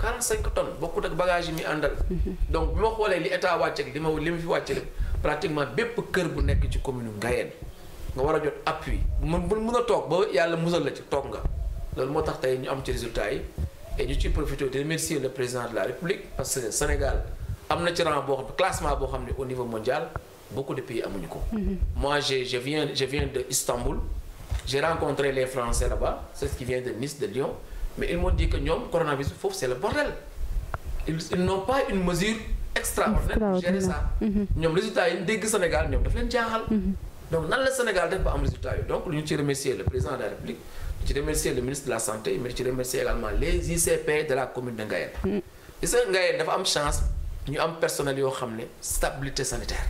45 tonnes beaucoup de bagages mis en àndal. donc bi ma xoolee li de la li ma li mu fi wàcce pratiquement bépp kër bu nekk ci commune Ngayeen nga war jot appui mën mën a toog ba yàlla musal la ci C'est nga que moo tax ñu am ci résultat yi et ñu ciy profité de remercier le président de la République parce que le Sénégal a un ci rang classement au niveau mondial beaucoup de pays ont un. moi je je viens je viens de Istanbul j'ai rencontré les Français là-bas c'est ce qui vient de Nice de Lyon mais ils m'ont dit que le coronavirus c'est le bordel ils n'ont pas une mesure extraordinaire pour gérer ça mhm. ñoom résultat que le Sénégal ñoom fait leen mhm. donc dans le Sénégal nous pas am résultat donc je ñu remercier le président de la République tiens à remercier le ministre de la santé mais tiens remercier également les ICP de la commune de et ICP Ngayène dafa une chance ñu am personnel yoo xam une stabilité sanitaire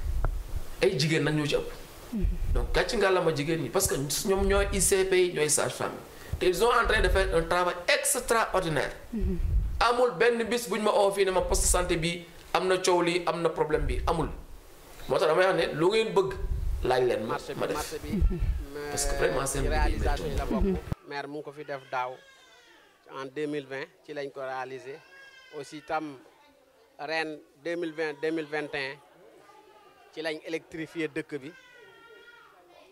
ay jigéen nag ñoo ci mhm. donc gàcc ils ont un jigéen parce que sommes nous, ICP sommes sage-femme te ils sont en train de faire un travail extraordinaire. Mm-hmm. amul benn bis bu ñu ma oo fii ne ma poste santé bi am na coow lii am na problème bi amul moo tax damay wax ne lu ngeen bëgg laaj leen ma ma def parce que vraiment seen réalisation yi la ko fi def daaw en 2020 ci lañ ko réaliser aussi tam ren 2020 2021 ci lañ électrifier dëkk bi.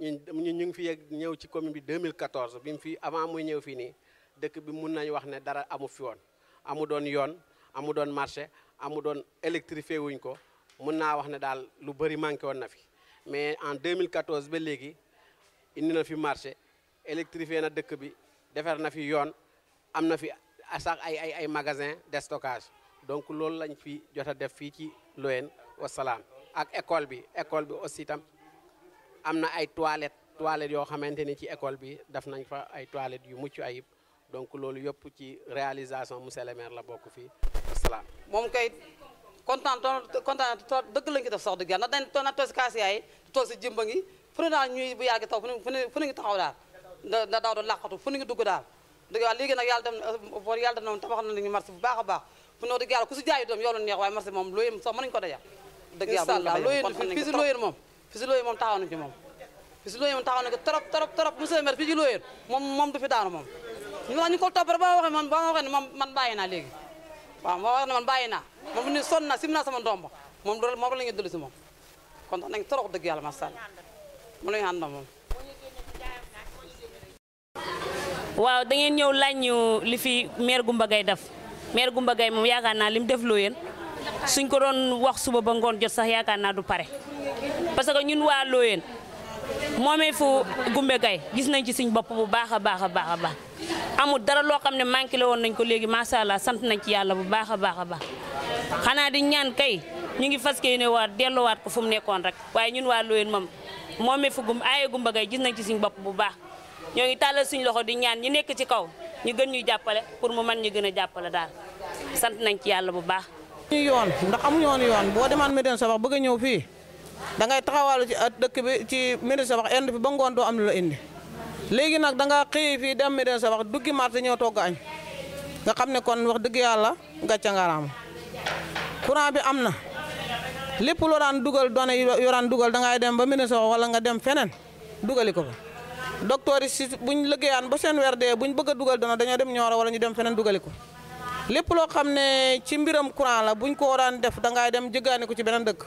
ñu ñu ngi fi ñew ci commune bi 2014 bi mu fi avant muy ñew fi ni dëkk bi mun nañu wax ne dara amu fi won amu doon yoon amu doon marché amu doon électrifié wuñ ko mun naa wax ne dal lu bari manké won na fi mais en 2014 ba légui indi na fi marché électrifié na dëkk bi défer na fi yoon am na fi sax ay ay ay magasin de stockage donc lool lañ fi jotta def fi ci Loyenne wasalaam ak école bi école bi aussi tam am na ay toilettes toilettes yoo xamante ni ci école bi def nañ fa ay toilettes yu mucc ayib donc loolu yëpp ci réalisation monsieur le maire la bokk fi asalaam. moom kay kontaan toon kontaan dëgg lañ ko si kaas yaay a baax fu ne dëgg neex waaye marché moom looyeen sax mën nañu ko dajal dëgg yàlla looyeen fii moom Fissilo yi moom taxaw na ci moom Fissilo yi moom taxaw na ko trop trop trop monsieur le maire fii ci Loyer moom moom du fi daanu moom ko topp ma moom man bàyyi naa léegi waaw ma wax bàyyi naa moom bu ñu sonn naa sim naa sama ndomb moom loolu moom la ñuy dolli si moom kon tax nañ trop dëgg yàlla macha allah mu la ñu àndal moom. waaw da ñëw laaj ñu li fi maire Goumba Gaye def maire Goumba Gaye moom yaakaar naa li mu def Loyer suñ ko doon wax suba ba ngoon jot sax yaakaar naa du pare parce que ñun waa Looyeen moomee fu gumbe gay gis nañ ci suñ bopp bu baax a baax a baax a baax amul dara loo xam ne manqué woon nañ ko léegi macha allah sant nañ ci yàlla bu baax a baax a baax xanaa di ñaan kay ñu ngi fas yéene waa delluwaat ko fu mu nekkoon rek waaye ñun waa Looyeen moom moomee fu gum aaye gumbe gay gis nañ ci suñ bopp bu baax ñoo ngi tàllal suñ loxo di ñaan ñu nekk ci kaw ñu gën ñuy jàppale pour mu mën ñu gën a jàppale daal sant nañ ci yàlla bu baax. ñu yoon ndax amuñu woon yoon boo demaan Médina Sabakh bëgg a ñëw fii da ngay taxawal ci dëkk bi ci Médina Sabakh end ba ngoon am lu indi léegi nak da nga xëy fii dem Médina Sabakh duggi marché ñëw togg añ nga ne kon wax dëgg yàlla gàcce ngaraam courant bi am na lépp daan dugal doone yoo dugal da ngay dem ba Médina Sabakh wala nga dem fenen. dugali ko fa docteur yi si buñ liggéeyaan ba seen weer buñ bëgg dugal dana dañoo dem Nioro wala ñu dem fenen. dugali lépp loo xam ne ci mbiram courant la buñ ko waraan def da ngay dem jëgaane ko ci beneen dëkk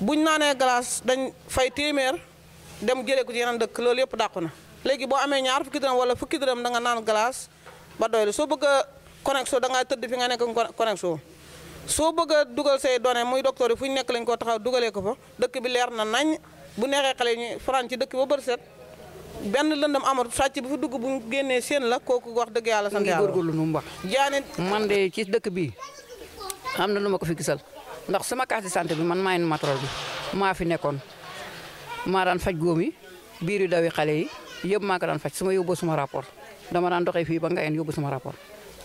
buñ naanee glace dañ fay téeméer dem jëlee ko ci yeneen dëkk loolu yépp dàqu na. léegi boo amee ñaar fukki dërëm wala fukki dërëm da nga naan glace ba doylu soo bëgg a connexion da tëdd fi nga nekk connexion soo bëgg dugal say données muy docteur fu ñu nekk lañ ko taxaw dugalee ko fa dëkk bi leer na nañ bu neexee xale fu faran ci dëkk ba bëri set. ben nol amatu sàcc bu fi dugg bu génnee sen la koku wax deug yalla sant yalla gorgolu nu mu jani man de ci dëkk bi amna luma ko fi gissal ndax sama carte santé bi man maay matrol bi ma fi nekkon ma daan fajj gomi biiru dawi xalé yi yeb ma ko daan fajj sama yobbu sama rapport dama daan doxé fi ba nga en yobbu sama rapport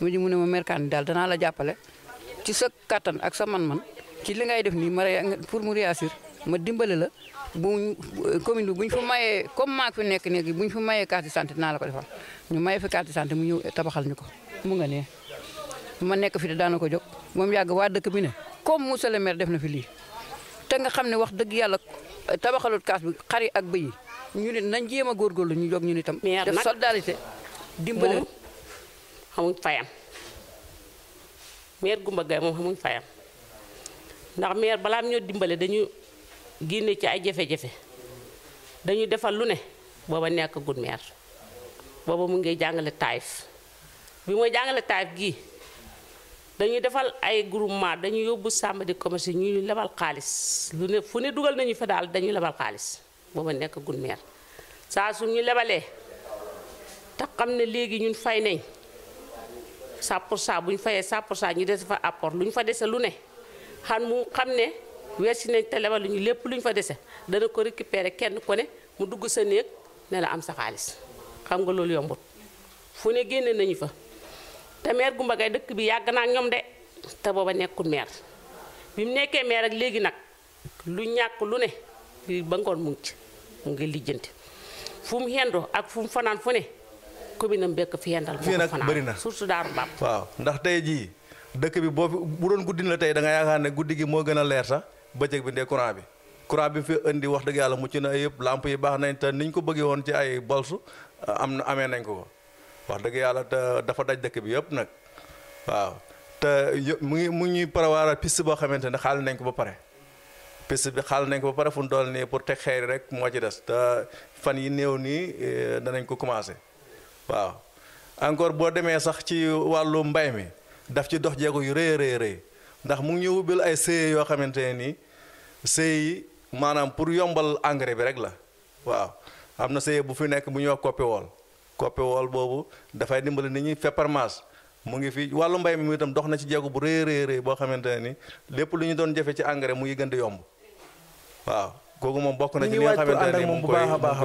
mu ñu mu ma la jappalé ci sa katan ak sa man-man ci li ngay def ni ma pour mu réassurer ma dimbale la bu commune bi bu ñu mayee comme maa fi nekk nekk bu ñu fa mayee carte de sante naa la ko defal ñu maye fi carte di santé mu ñëw tabaxal ñu ko mu nga nee ma nekk fi daana ko jog moom yàgg waa dëkk bi ne comme monsieur le maire def na fi lii te nga xam ne wax dëgg yàlla eh, tabaxalut kaas bi xari ak bëy yi ñu ne nañ jéem a la ñu jóg ñu ne tam. def solidarité dimbale xamuñ fayam maire Goumba Gaye moom xamuñ fayam ndax maire dimbale dañu. génne ci ay jafe-jafe dañuy defal lu ne booba nekk gud meer booba mu ngi jàngale taayif bi mooy jàngale taayif gii dañuy defal ay groupement dañu yóbbu sàmm di commerce yi lebal xaalis lu ne fu ne dugal nañu fa daal dañuy lebal xaalis booba nekk gud meer saa su ñu lebalee te xam ne léegi ñun fay nañ 100 pour cent bu ñu fayee 100 pour cent ñu des fa apport lu ñu fa dese lu ne xam mu xam ne weesi nañ te lebal ñu lépp lu ñu fa dese dana ko récupérer kenn ko ne mu dugg sa néeg ne la am sa xaalis xam nga loolu yombut fu ne génne nañu fa te meer Goumba Gaye dëkk bi yàgg naa ñoom de te booba nekkul meer bi mu nekkee maire ak léegi nag lu ñàkk lu ne lii ba ngoon mu ngi ci mu ngi lijjanti fu mu xendoo ak fu mu fanaan fu ne commune am bekk fi xendal moo fanaan bëri na surtout daaru bàpp waaw ndax tey jii dëkk bi boo bu doon guddi la tey da nga yaakaar ne guddi gi moo gën a leer sax bëccëg bi ndee courant bi courant bi fi andi wax dëgg yàlla mucc na yëpp lamp yi bax nañ te niñ ko bëggé won ci ay bolsu am amé nañ ko wax dëgg yalla te dafa daj dëkk bi yëpp nak waaw te mu ñuy mu piste bo xamante xal nañ ko ba paré piste bi xal nañ ko ba paré fu ndol dool pour té xéer rek mo ci dess te fan yi néew nii eh, danañ ko commencé waaw encore bo démé sax ci walu mbay mi daf ci dox jéego yu rëy rëy rëy ndax mu ngi ñu ay sëy yoo xamante ne nii maanaam pour yombal engrais bi rek la waaw am na bu fi nekk bu ñuy wax coppewool coppewool boobu dafay dimbali nit ñi Peppermans mu ngi fi wàllu mbay mi itam dox na ci jéego bu rëy rëy rëy boo xamante ne ni lépp lu ñu doon jafe ci engrais mu ngi gën di yomb waaw kooku moom bokk na ci li nga xamante ne moom bu baax a baax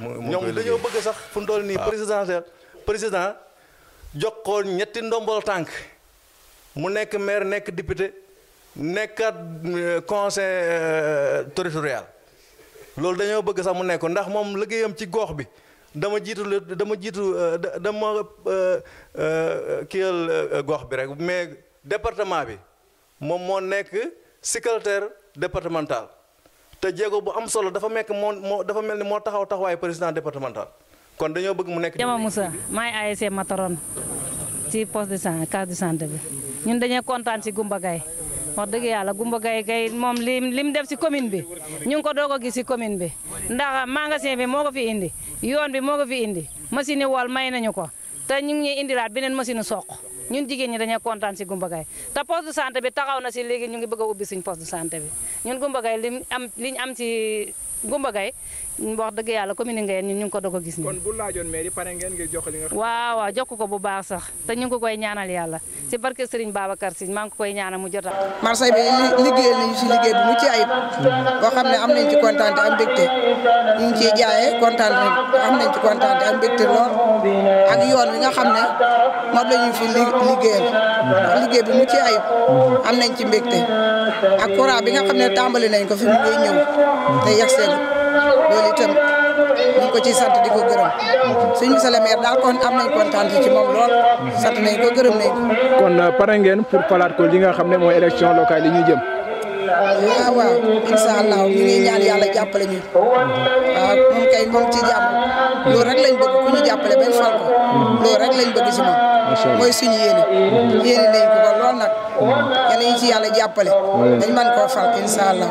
ñoom dañoo bëgg sax fu ndool nii présidentiel président jox ko ñetti ndombol tànk mu nekk maire nekk député nekkat euh, conseil territorial euh, loolu dañoo bëgg sax mu nekk ndax moom liggéeyam ci goox bi dama jiitu dama jiitu euh, dama kiyal gox bi rek mais département bi moom moo nekk secrétaire départemental te jego bu am solo dafa mekk moo moo dafa mel ni moo taxaw taxawaay président départemental kon dañoo bëgg mu nekk. Jama Moussa maay ASC Mataron ci poste de santé case de santé bi. ñun dañoo kontaan si Goumba Gaye wax dëgg yàlla Goumba Gaye kay moom li li mu def si commune bi ñu ngi ko doog a gis si commune bi ndax magasin bi moo ko fi indi yoon bi moo ko fi indi machine yi wal may nañu ko te ñu ngi ñuy indilaat bineen machine soq ñun jigéen ñi dañoo kontaan si Goumba Gaye te poste de santé bi taxaw na si léegi ñu ngi bëgg a ubbi suñ poste de santé bi ñun Goumba Gaye li am li ñu am si Goumba Gaye wax dëgg yàlla commune Nguéyeen ñun ñu ngi ko doog a gis. kon bu laajoon mairie pare ngeen ngir jox li nga. waaw waaw jokk ko bu baax sax te ñu ko koy ñaanal yàlla si barke Serigne Babacar Sy maa ngi ko koy ñaanal mu jot a. marché bi liggéeyal nañu si liggéey bu mucc ayib boo xam ne am nañ ci kontaan te am mbégte ñu ngi ciy jaayee kontaan am nañ ci kontaan te am mbégte lool ak yoon wi nga xam ne moom la ñu fi liggéeyal ndax liggéey bu mucc ayib am nañ ci mbégte ak courant bi nga xam ne tàmbali nañ ko fi mu ngi ñëw te yegg seen loolu itam ñu ngi ko ciy sant di ko gërëm suñ monsieur le maire daal kon am nañ kontaan ci moom lool sant nañ ko gërëm nañ ko kon euh, pare ngeen pour falaat ko li nga xam ne mooy élection locale li ñu jëm ah waaw incha allah ñu ngi ñaan jàppale ñu waaw moom kay moom ci jàmm loolu rek lañ bëgg ku ñu jàppale bañ fal ko loolu rek bëgg si moom mooy suñu yéene yéene nañ ko ko lool nag hmm. yàlla ñu ci yàlla jàppale dañ mën koo fal incha allah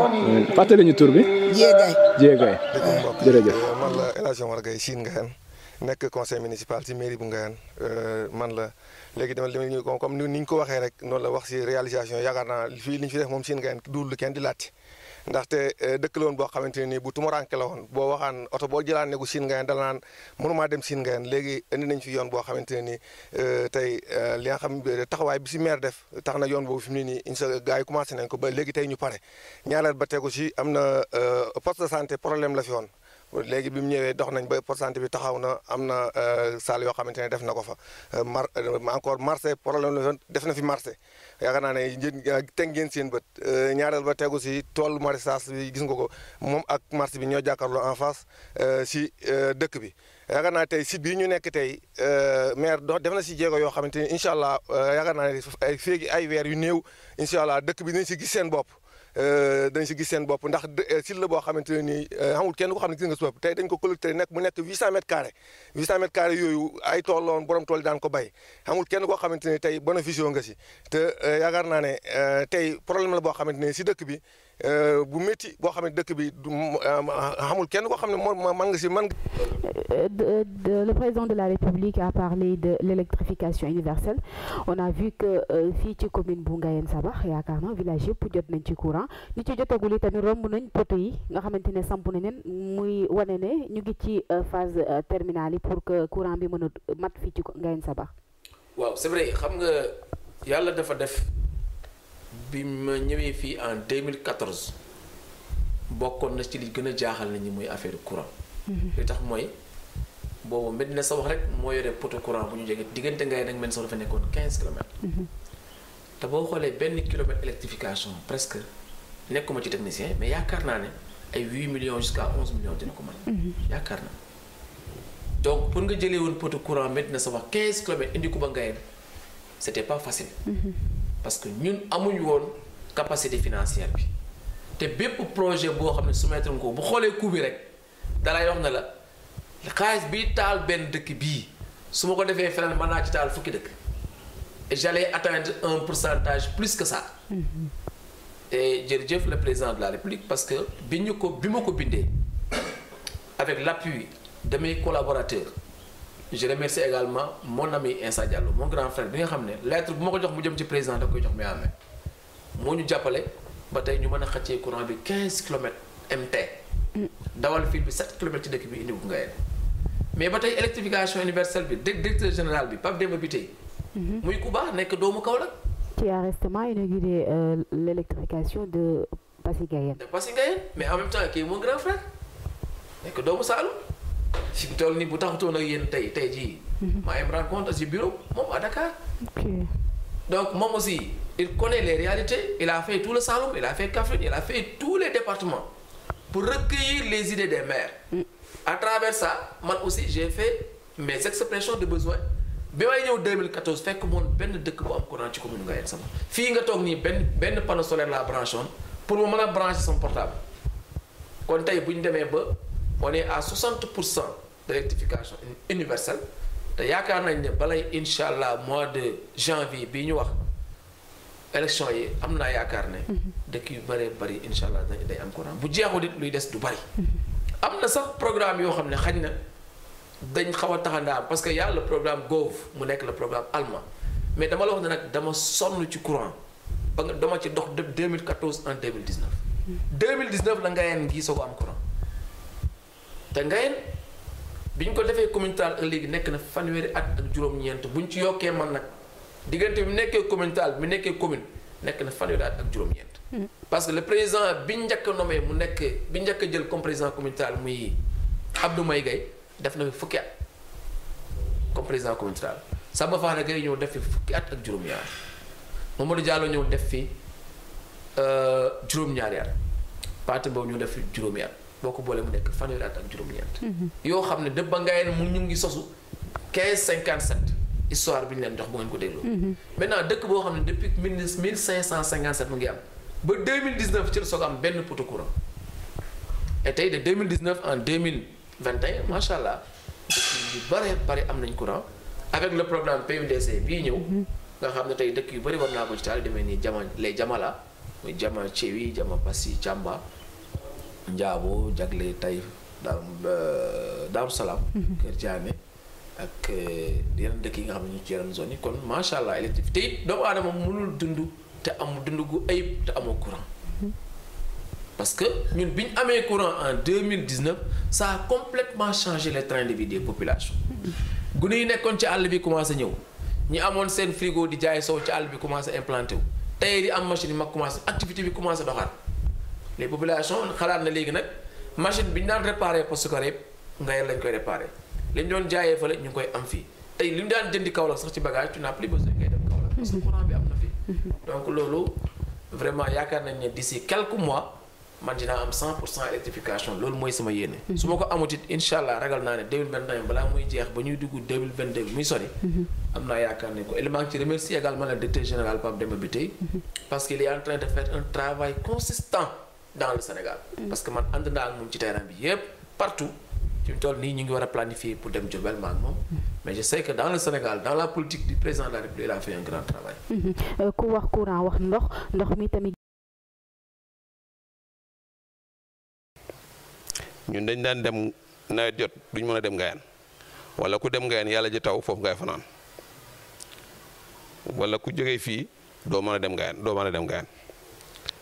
fàttali ñu tur bi jéegay jéegay jërëjëf eh, man la El Hadj Omar Gaye Chine Ngayane nekk conseil municipal ci mairie bu Ngayane eh, man la léegi dama li ñu ko comme ni ñu ko waxee rek noonu la wax si réalisation yaakaar naa fii li ñu fi def moom siin ngeen duul kenn di laajte ndaxte euh, dëkk la boo xamante ne nii bu tumuranke la boo waxaan oto boo jëlaan ne ko siin ngeen dala naan mënumaa dem siin ngeen léegi indi nañ fi yoon boo xamante ne nii euh, tey euh, li xam taxawaay bi si maire def tax na yoon boobu fi mu ne nii incha gars yi commencé nañ ko ba léegi tey ñu pare ñaareel ba tegu si am na poste de santé problème la fi woon léegi bi mu ñëwee dox nañ ba pourcentage bi taxaw na am na euh, salle yoo xamante ne def na ko fa euh, mar euh, encore marché problème la def na fi marché yaakaar naa ne njëriñ teg ngeen seen bët ñaareel ba tegu si toolu maraîchage bi gis nga ko moom ak marché bi ñoo jàkkaarloo en face si dëkk bi. yaakaar naa tey si bii ñu nekk tey maire do def na si jéego yoo xamante ni incha allah yaakaar naa ne ay féegi ay weer yu néew incha allah dëkk bi nañ si gis seen bopp. Euh, dañ si gis seen bopp ndax euh, site la boo xamante ne nii xamul euh, kenn ko xam ne gis nga si bopp tey dañ ko collecté nekk mu nekk 800 mètres carrés 800 mètres carrés yooyu ay tool borom tool yi daan ko bay xamul kenn koo xamante ne tey bénéfice nga si te yaakaar naa ne tey problème la boo xamante ne si dëkk bi Euh, bu metti bo xamné dëkk bi du euh, kenn ko xamné man nga si man. le président de la République a parlé de l'électrification universelle on a vu que euh, fi ci commune bu Ngayeen Sabax yaakaar village yëpp jot nañ ci courant ñi ci jotagul yi tamit romb nañ poto yi nga xamante ne samp nañ leen muy wane ne ñu ngi ci phase terminale pour que courant bi mëna mat fi ci Ngayen Sabakh waaw c'est vrai xam nga yalla dafa def bi ma ñëwee en 2014 bokkoon na ci li gën a jaaxal nit ñi muy affaire courant. Mhm. li tax mooy boobu Medina Sow rek moo yore poto courant bu ñu jege diggante ngay nag Medina Sow dafa nekkoon 15 kilomètres. Mhm. te boo xoolee benn kilomètre électrification presque nekkuma ci technicien mais yaakaar naa ne ay 8 millions jusqu'à 11 millions dina ko mën. Mhm. yaakaar naa donc pour nga jëlee woon poto courant Medina Sow 15 kilomètres indi ko ba Ngaye c'était pas facile. Mm parce que nous avons une capacité financière Et si le projet boo xam ne soumettre nga ko Si xoolee coût bi rek wax ne la xaalis bi taal Si dëkk le su et j'allais atteindre un pourcentage plus que ça mm-hmm. et je suis le président de la république parce que je avec l'appui de mes collaborateurs je remercie également mon ami Insa Diallo mon grand frère bi nga xam ne lettre bu ma ko jox mu jëm ci président da koy jox mu amee moo ñu jàppale ñu a courant bi 15 km MT. dawal fil bi 7 km de dëkk bi indi bu Ngayeen mais batay électrification universelle bi directeur général bi Pape Demba Biteye. Mhm. muy kouba, nek nekk doomu Kaolack. qui a récemment inauguré euh, l' de Passy de mais en même temps avec mon grand frère nekk doomu Saalum si tool ni bu taxutoon ak yéen tey tey ma am rencontre ci bureau moom à Dakar. donc mom aussi il connaît les réalités il a fait tout le salon, il a fait café, il a fait tous les départements pour recueillir les idées des maires. Mm. à travers ça moi aussi j'ai fait mes expressions de besoin bi may 2014 fekk moon ben dëkk bu am courant ci commune Ngaye sama fi nga tok ni ben ben panneau solaire la branché pour mu mën brancher son portable kon tay buñ démé ba on est à 60 d'électrification cent universelle te yaakaar nañ ne balay incha mois de janvier bi wax élection yi am naa yaakaar ne. Mhm. dëkk yu bëree bëri incha allah day am courant bu jeexul it luy des du bëri. Mhm. am sax programme il y ne na dañ a parce que y a le programme Gov mu nekk le programme allemand mais dama la wax ne nag dama sonn ci courant ba nga dama ci dox de 2014 en 2019. 2019 mhm. la nga yeen ngi am courant. te ngay bi ñu ko defee commune Tall ak léegi nekk na fanweeri at ak juróom-ñeent bu ñu ci yokkee man nag diggante bi mu nekkee commune Tall bi mu nekkee commune nekk na fanweeri at ak juróom-ñeent. Hmm. parce que le président bi njëkk a mu nekk bi njëkk a jël comme président commune Tall muy Abdou Mbaye Gaye def na fukki at comme président commune Tall Samba Fara Gaye ñëw def fi fukki at ak juróom-ñaar Mamadou Diallo ñëw def fi euh, juróom-ñaari at Pathé ñu ñëw def fi juróomi boo ko boolee mu nekk fanweeri at ak juróom-ñeent. Mhm. yoo xam ne dëpp ba Ngayen mu ñu ngi sosu 1557 histoire bi ñu leen jox bu ngeen ko dégloo. Mhm. maintenant dëkk boo xam ne depuis mille mille cinq cent cinquante sept mu ngi am ba deux mille dix neuf ci la soog am benn poto courant et tey de deux mille dix neuf en deux mille vingt et un macha allah dëkk yu bare bare am nañ courant avec le programme PUDC bii ñëw. Mhm. nga xam ne tey dëkk yu bëri war naa ko ci taal demee nii jama les jamala muy jama cewi jama basi jàmba. Njaabo jagle Taïf dans, euh, daaru salaam mhm. kër Diané ak euh, yeneen dëkk yi nga xam ne ñu ci yeneen zone yi kon macha allah électricité it doomu aadama mënul dund te amul dund gu ayib te amoo courant mhm. parce que ñun bi ñu amee courant en 2019 ça a complètement changé le train de vie des populations mhm. gune yi nekkoon ci àll bi commencé ñëw ñi amoon seen frigo di jaay sow ci àll bi commencé implanter. wu tey di am machine yi mag commencé activité bi commencé doxaat les populations xalaat na léegi machine bi ñu daan réparé poste Kareeb Ngayeen lañ koy réparer liñ ñu jaayé jaayee fële ñu koy am fi tey liñ daan jëndi Kaolack sax ci bagage tu n'as plus besoin ngay dem Kaolack parce que courant bi am na fi. donc lolu vraiment yaakaar nañ ne d'ici quelques mois man dina am 100 électrification loolu mooy sama yéene. Mhm. su ma ko amut it incha ragal naa ne 2021 balaa muy jeex ba ñuy dugg 2022 muy sori. Mhm. am naa yaakaar ko et maa ci remercie également le directeur général Pape Demba Bitèye. Mhm. parce qu'il est en train de faire un travail consistant. dans le Sénégal hmm. parce que man and na ak mom ci terrain bi yépp partout ci tol ni ñu ngi wara planifier pour dem Diobel man mom hmm. mais je sais que dans le Sénégal dans la politique du président de la République il a fait un hmm. grand e, travail ku wax courant wax ndox ndox mi tamit ñun dañ dan dem nawet jot duñ mëna dem ngayan wala ku dem ngayan yalla ji taw fofu ngay fanaan wala ku jóge fi do mëna dem ngayan do mëna dem ngayan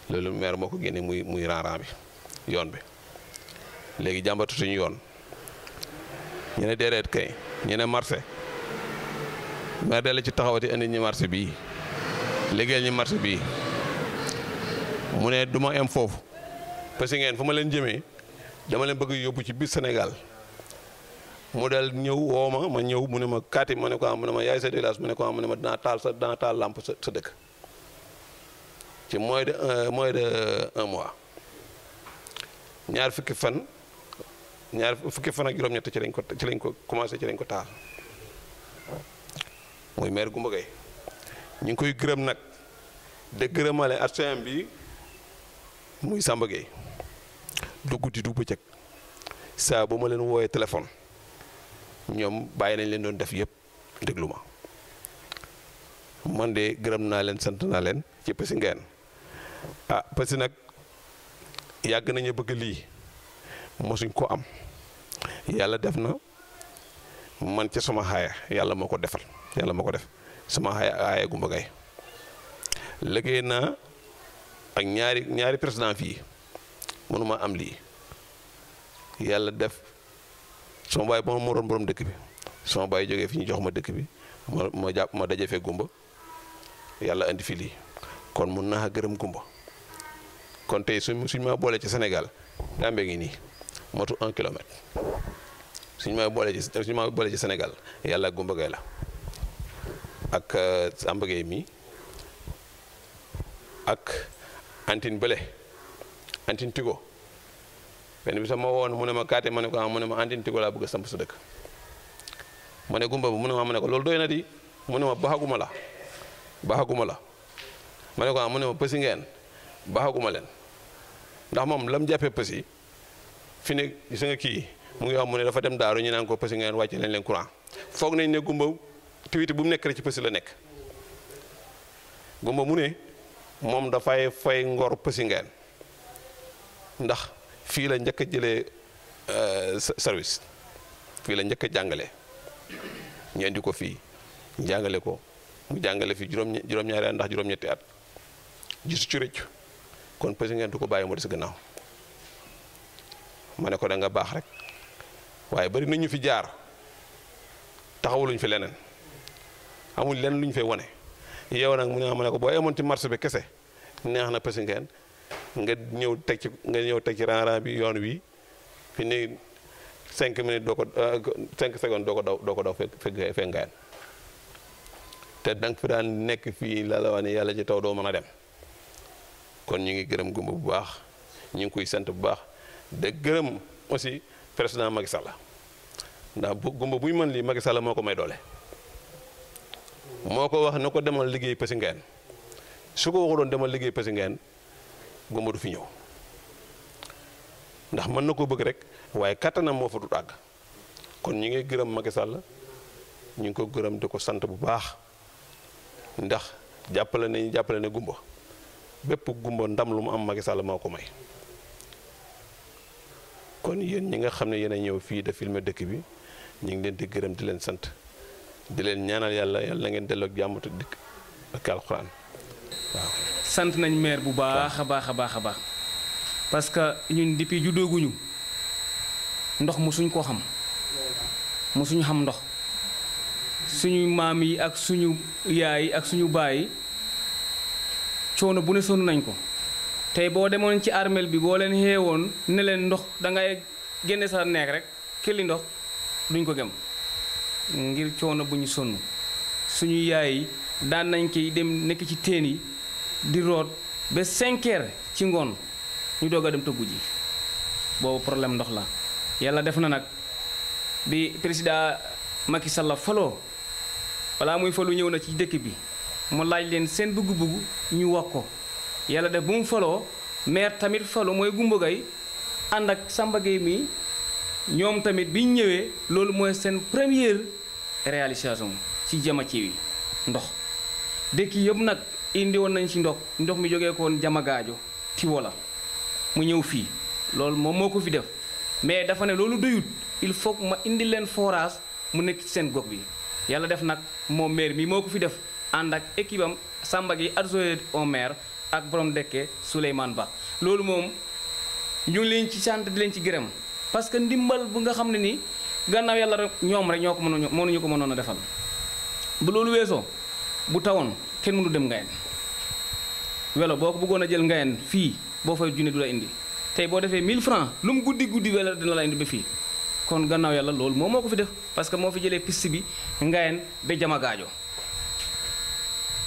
loolu maire moo ko génne muy muy rang bi yoon bi léegi jàmbatu suñu yoon ñu ne déedéet kay ñu ne marché maire della ci taxawati indi ñu marché bii liggéeyal ñu marché bii mu ne du ma foofu parce que ngeen fu ma leen jëmee dama leen bëgg yóbbu ci biir Sénégal mu dal ñëw woo ma ma ñëw mu ne ma kaati ma ne ko am ah, mu ne ma yaay sa village mu ne ko am ah, mu ne ma dinaa taal sa dinaa taal làmp sa dëkk ci moins de un de un mois ñaar fukki fan ñaar fukki fan ak juróom-ñett ci lañ ko ci lañ ko commencé ci lañ ko taal mooy maire Goumba Gaye ñu ngi koy gërëm nag de gërëmale artisan bi muy Samba Gueye du guddi du bëccëg saa bu ma leen wooyee téléphone ñoom bàyyi nañ leen doon def yëpp déglu ma man de gërëm naa leen sant naa leen ci Pessinguène ah parce nak yag nañu bëgg li mosuñ ko am yalla def na man ci sama haya yalla moo ko defal yalla moo ko def sama haya xaaya gumba mbagay liggey na ak ñaari ñaari président fi mënuma am li yalla def sama bay moom moron borom dëkk bi sama bay jógee fi ñu jox ma dëkk bi ma ma ma gumba yalla andi fi li kon mun naa gërëm gumba kon tay suñ suñ maa boolee ci Sénégal Gambie ngi ni motu 1 km suñ ma bolé ci suñ ma bolé ci Sénégal yalla ak Goumbagay la ak euh, Samba Gueye mi ak Antine belé Antine Tigo ben bi sama won woon ne ma kaate ne ko ah ne ma Antine Tigo la bëgg samp sa dëkk mané ne gumba bu mu ne ma ma ne ko loolu doyna di mu ne ma baxaguma la baxaguma la mané ne ko ah ne ma baaxaguma leen ndax moom lam jàppee pësi fi ne gis nga kii mu ngi wax mu ne dafa dem daaru ñu naan ko pësi ngeen wàcce leen leen courant foog nañ ne gumba tiwiti bu mu nekk rek ci pësi la nekk gumba mu ne moom dafay fay ngor pësi ngeen ndax fii la njëkk a jëlee euh, service fii la njëkk a jàngale ñu ko fii jàngale ko mu jàngale fii juróom juróom-ñaari at ndax juróom-ñetti at gisu ci rëccu kon pesu du ko baye mo dess gannaaw mané ko da nga bax rek waye bari nañu fi jaar taxawuluñ fi lenen amuñ len luñ fay woné yow nak mu ne mané ko bo yemoon ci marché bi kessé neex na pesu nga ñew tek ci nga ñew tek ci ran ran bi yoon wi fi ne 5 minutes doko 5 euh, secondes doko doko daw fek fek daw té dang fi daan nek fi la la wax yalla ci taw do mëna dem kon ñi ngi gërëm gumba bu baax ñi ngi koy sant bu baax de gërëm aussi président Macky Sall ndax bu gumba buy mën lii Macky Sall ko may doole moko ko wax nako ko demal liggéey pesi ngeen su ko waxuloon demal liggéey pasi ngeen gumba du fi ñew ndax man nako bëgg rek waye katana mo fa du àgg kon ñi ngi gërëm Macky Sall ñi ko gërëm diko sant bu baax ndax jappalé nañu jappalé ne bépp gumba ndam lu mu am Macky Sall moo ko may kon yéen ñi nga xam ne yéen a ñëw fii de filmer dëkk bi ñu ngi leen di gërëm di leen sant di leen ñaanal yàlla yàlla na ngeen delloo ak jàmm te dikk ak alxuraan waaw. sant nañ maire bu baax a baax a baax a baax parce que ñun depuis juddooguñu ndox mosuñ koo xam mosuñu xam ndox suñu maam yi ak suñu yaay ak suñu baay coono bu ne sonn nañ ko tey boo demoon ci armeel bi boo leen xeewoon ne leen ndox dangay génne sa neeg rek këli ndox duñ ko gëm ngir coono bu ñu sonn suñu yaay yi daan nañ koy dem nekk ci teen yi di root ba 5 ci ngoon ñu doog a dem tëggu ji boobu problème ndox la yàlla def na nag bi président Macky Sall faloo balaa muy falu ñëw na ci dëkk bi mu laaj leen seen bëgg-bëgg ñu wax ko yàlla def bu mu faloo maire tamit falo mooy gumba Gaye ànd ak Samba Gueye mi ñoom tamit bi ñu ñëwee loolu mooy seen première réalisation ci Diamanthié wi ndox dëkk yëpp nag indi woon nañ ci ndox ndox mi jógee ko woon Jama Gaajo Tiwola mu ñëw fii loolu moom moo ko fi def mais dafa ne loolu doyut il faut ma indi leen forage mu nekk ci seen gox bi yàlla def nag moom maire mi moo ko fi def ànd ak équipe am Samba Gueye adjoint au maire ak borom dëkke Souleymane Ba loolu moom ñu ngi ci sant di leen ci gërëm parce que ndimbal bu nga xam ne ni gannaaw yàlla rek ñoom rek ñoo ko mënoon mënuñu ko mënoon a defal bu loolu weesoo bu tawoon kenn mënu dem Ngayen welo boo ko bëggoon a jël Ngayen fii boo fay junne du la indi tey boo defee 1000 francs lu mu guddi guddi welo dina la indi ba fii kon gannaaw yàlla loolu moom moo ko fi def parce que moo fi jëlee piste bi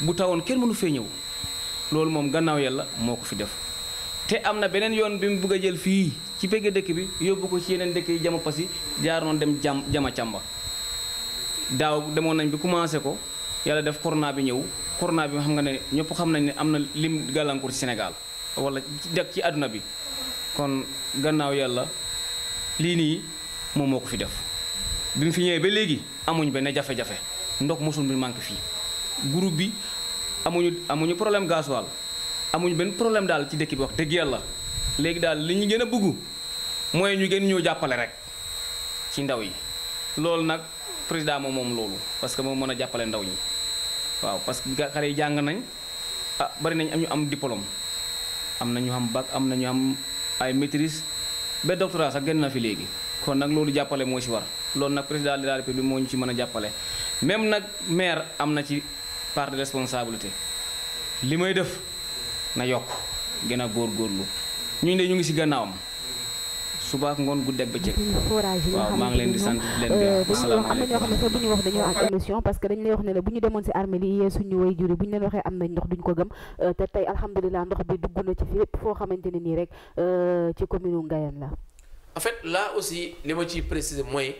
bu tawoon kenn mënu fee ñëw loolu moom gannaaw yàlla moo ko fi def te am na beneen yoon bi mu bëgg a jël fii ci pegg dëkk bi yóbbu ko ci yeneen dëkk yi jama pasi jaar noonu dem jam jama càmba daaw demoon nañ bi commencé ko yàlla def corona bi ñëw corona bi xam nga ne ñëpp xam nañ ne am na lim gàllankoor ci Sénégal wala dëkk ci àdduna bi kon gannaaw yàlla lii nii moom moo ko fi def bi mu fi ñëwee ba léegi amuñ benn jafe-jafe ndox mosul bi manqué fii groupe bi amuñu amuñu problème gasoil amuñu benn problème daal ci dëkk bi wax dëgg yàlla léegi daal li ñu gën a bëggu mooy ñu gën ñoo jàppale rek ci ndaw yi loolu nag président moom moom loolu parce que moo mën a jàppale ndaw ñi waaw parce que xale yi jàng nañ ah bari nañ am ñu am diplôme am na ñu am am na ñu am ay maîtrise ba doctorat sax gën na fi léegi kon nag loolu jàppale moo ci war loolu nag président de la république moo ñu ci mën a jàppale même nag maire am na ci. part de responsabilité li may def na yokk gën a góorgóorlu ñu ne ñu ngi si gannaawam suba ak ngoon guddeeg bëccëg. waaw maa ngi leen di sant leen gërëm euh, asalaamaaleykum am na ñoo xam ne sax bu ñu wax dañoo am émission lay wax ne la bu ñu demoon si armée li suñu way juri bu ñu leen waxee am nañ ndox duñ ko gëm euh, te tey alhamdulilah ndox bi dugg na ci fépp foo xamante ne nii rek euh, ci commune Ngayane la. en fait là aussi li ma ciy préciser mooy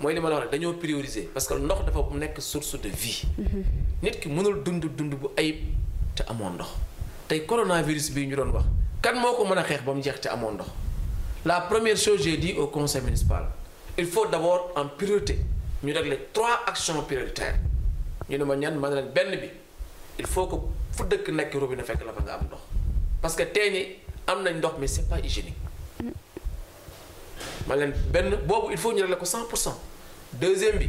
mooy li ma la wax dañoo prioriser parce que ndox dafa nekk source de vie. Mhm. nit ki mënul dund dund bu ayib te amoon ndox tey coronavirus bi ñu doon wax kan moo ko mën a xeex ba mu jeex te amoon ndox la première chose j'ai dit au conseil municipal il faut d'abord en priorité ñu régler trois actions prioritaires ñu ne ma ñan ma ne benn bi il faut que fu dëkk nekk robinet fekk la fa nga am ndox parce que tey ni am nañ ndox mais c'est pas hygiénique ma leen benn boobu il faut ñu régler ko 100 deuxième bi.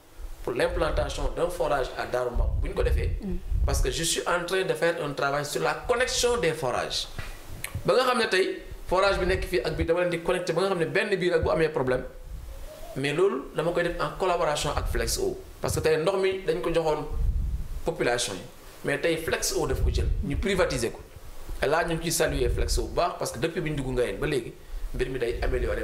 pour l'implantation d'un forage à Daruma mm. parce que je suis en train de faire un travail sur la connexion des forages. ba nga xam ne forage bi est fii ak bi dama problème mais nous, dama koy en collaboration avec Flexo parce que nous ndox mi dañ population mais Flexo nous ko jël ñu privatiser ko et là nous ngi Flexo parce que depuis que nous avons Ngayeen ba léegi mbir mi day améliorer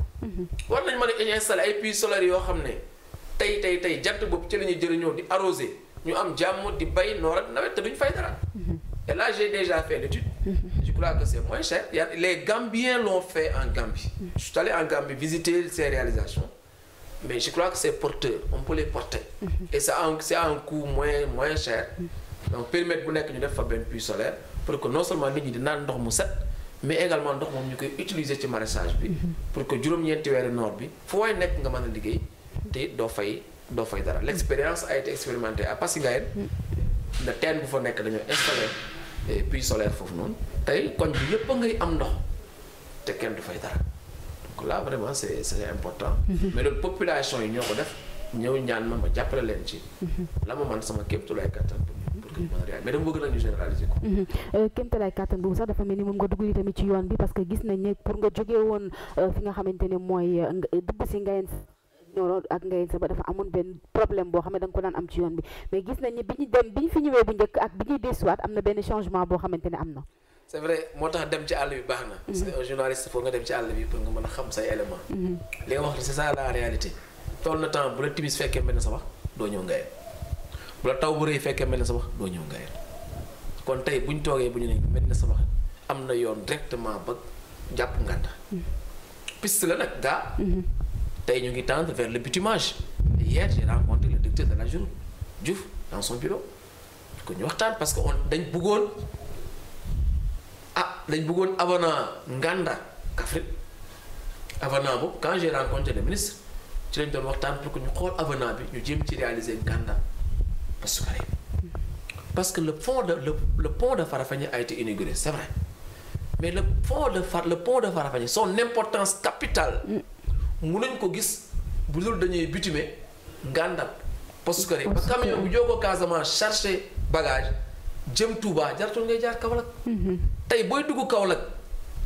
war nañ mën a installer ay puits solaires yo xamné ne tay tay tey jant ci lañu ñuy di arrosé ñu am jamm di bay noor nawet duñ fay dara. et là j'ai déjà fait l'étude. Mhm. je crois que c'est moins cher. les Gambiens l'ont fait en Gambie. Mhm. je suis allé en Gambie visiter ces réalisations. mais je crois que c'est porteur on peut les porter. Mhm. et ça a un c'est un coût moins moins cher. donc permettre bu nek ñu def fa ben puits solaire pour que non seulement nit ñi di naan ndox mu set mais également ndox moom ñu utiliser ci maraîchage bi. Mhm. pour que juróom-ñeenti weeru noor bi fu waay nekk nga mën a liggéey te doo fay doo fay dara. l' a été expérimentée à Passingayène. Mhm. na teen bu fa nekk dañoo installé eh, puits solaire foofu noonu. tey quand bi yëpp a ngay am ndox te kenn du fay dara donc là vraiment c'est c'est c' est important. Mhm. mais loolu population yi ñoo ko def ñëw ñaan ma ma jàppale leen ci. la ma man sama képp tu lay kattan. mais bëgg nañu généraliser ko mhm. euh, kéemtalaay kàttan boobu sax dafa mel ni moom nga dugg tamit ci yoon bi parce que gis nañ ne pour nga jógee woon euh, fi nga xamante ne mooy euh, dugg si ngayeen ñoro ak ngayeen sa ba dafa amoon benn problème boo xam ne ko daan am ci yoon bi mais gis nañ ne bi dem bi fi bu ak bi ñuy amna am changement boo xamante ne c'est vrai moo dem ci àll bi baax na mhm. un journaliste foog nga dem ci bi pour nga a xam say élément mhm. li nga wax c'est ça la réalité na temps bu la timis fekkee mel na sa wax ñëw bu la taw bu rëy fekkee mel na sa wax doo ñëw nga kon tey bu ñu toogee bu ñu ne mel na sa am na yoon directement ba jàpp ngànta piste la nag gaa tey ñu ngi tendre vers le bitumage hier j'ai rencontré le directeur de la journée Diouf dans son bureau ko ñu waxtaan parce que on dañ bëggoon ah dañ bëggoon abana ngànda Kaffrine avenant boobu quand j'ai rencontré le ministre ci lañ doon waxtaan pour que ñu xool avenant bi ñu jéem ci réaliser nganda Parce que le pont de, le, pont de Farafagné a été inauguré, c'est vrai. Mais le pont de, le pont de Farafagné, son importance capitale, nous ne pouvons pas butimé, Gandap, Parce que camion, il y a chercher bagage, jëm Touba jaratul ngay jaar Kaolack. Mhm. tey booy dugg Kaolack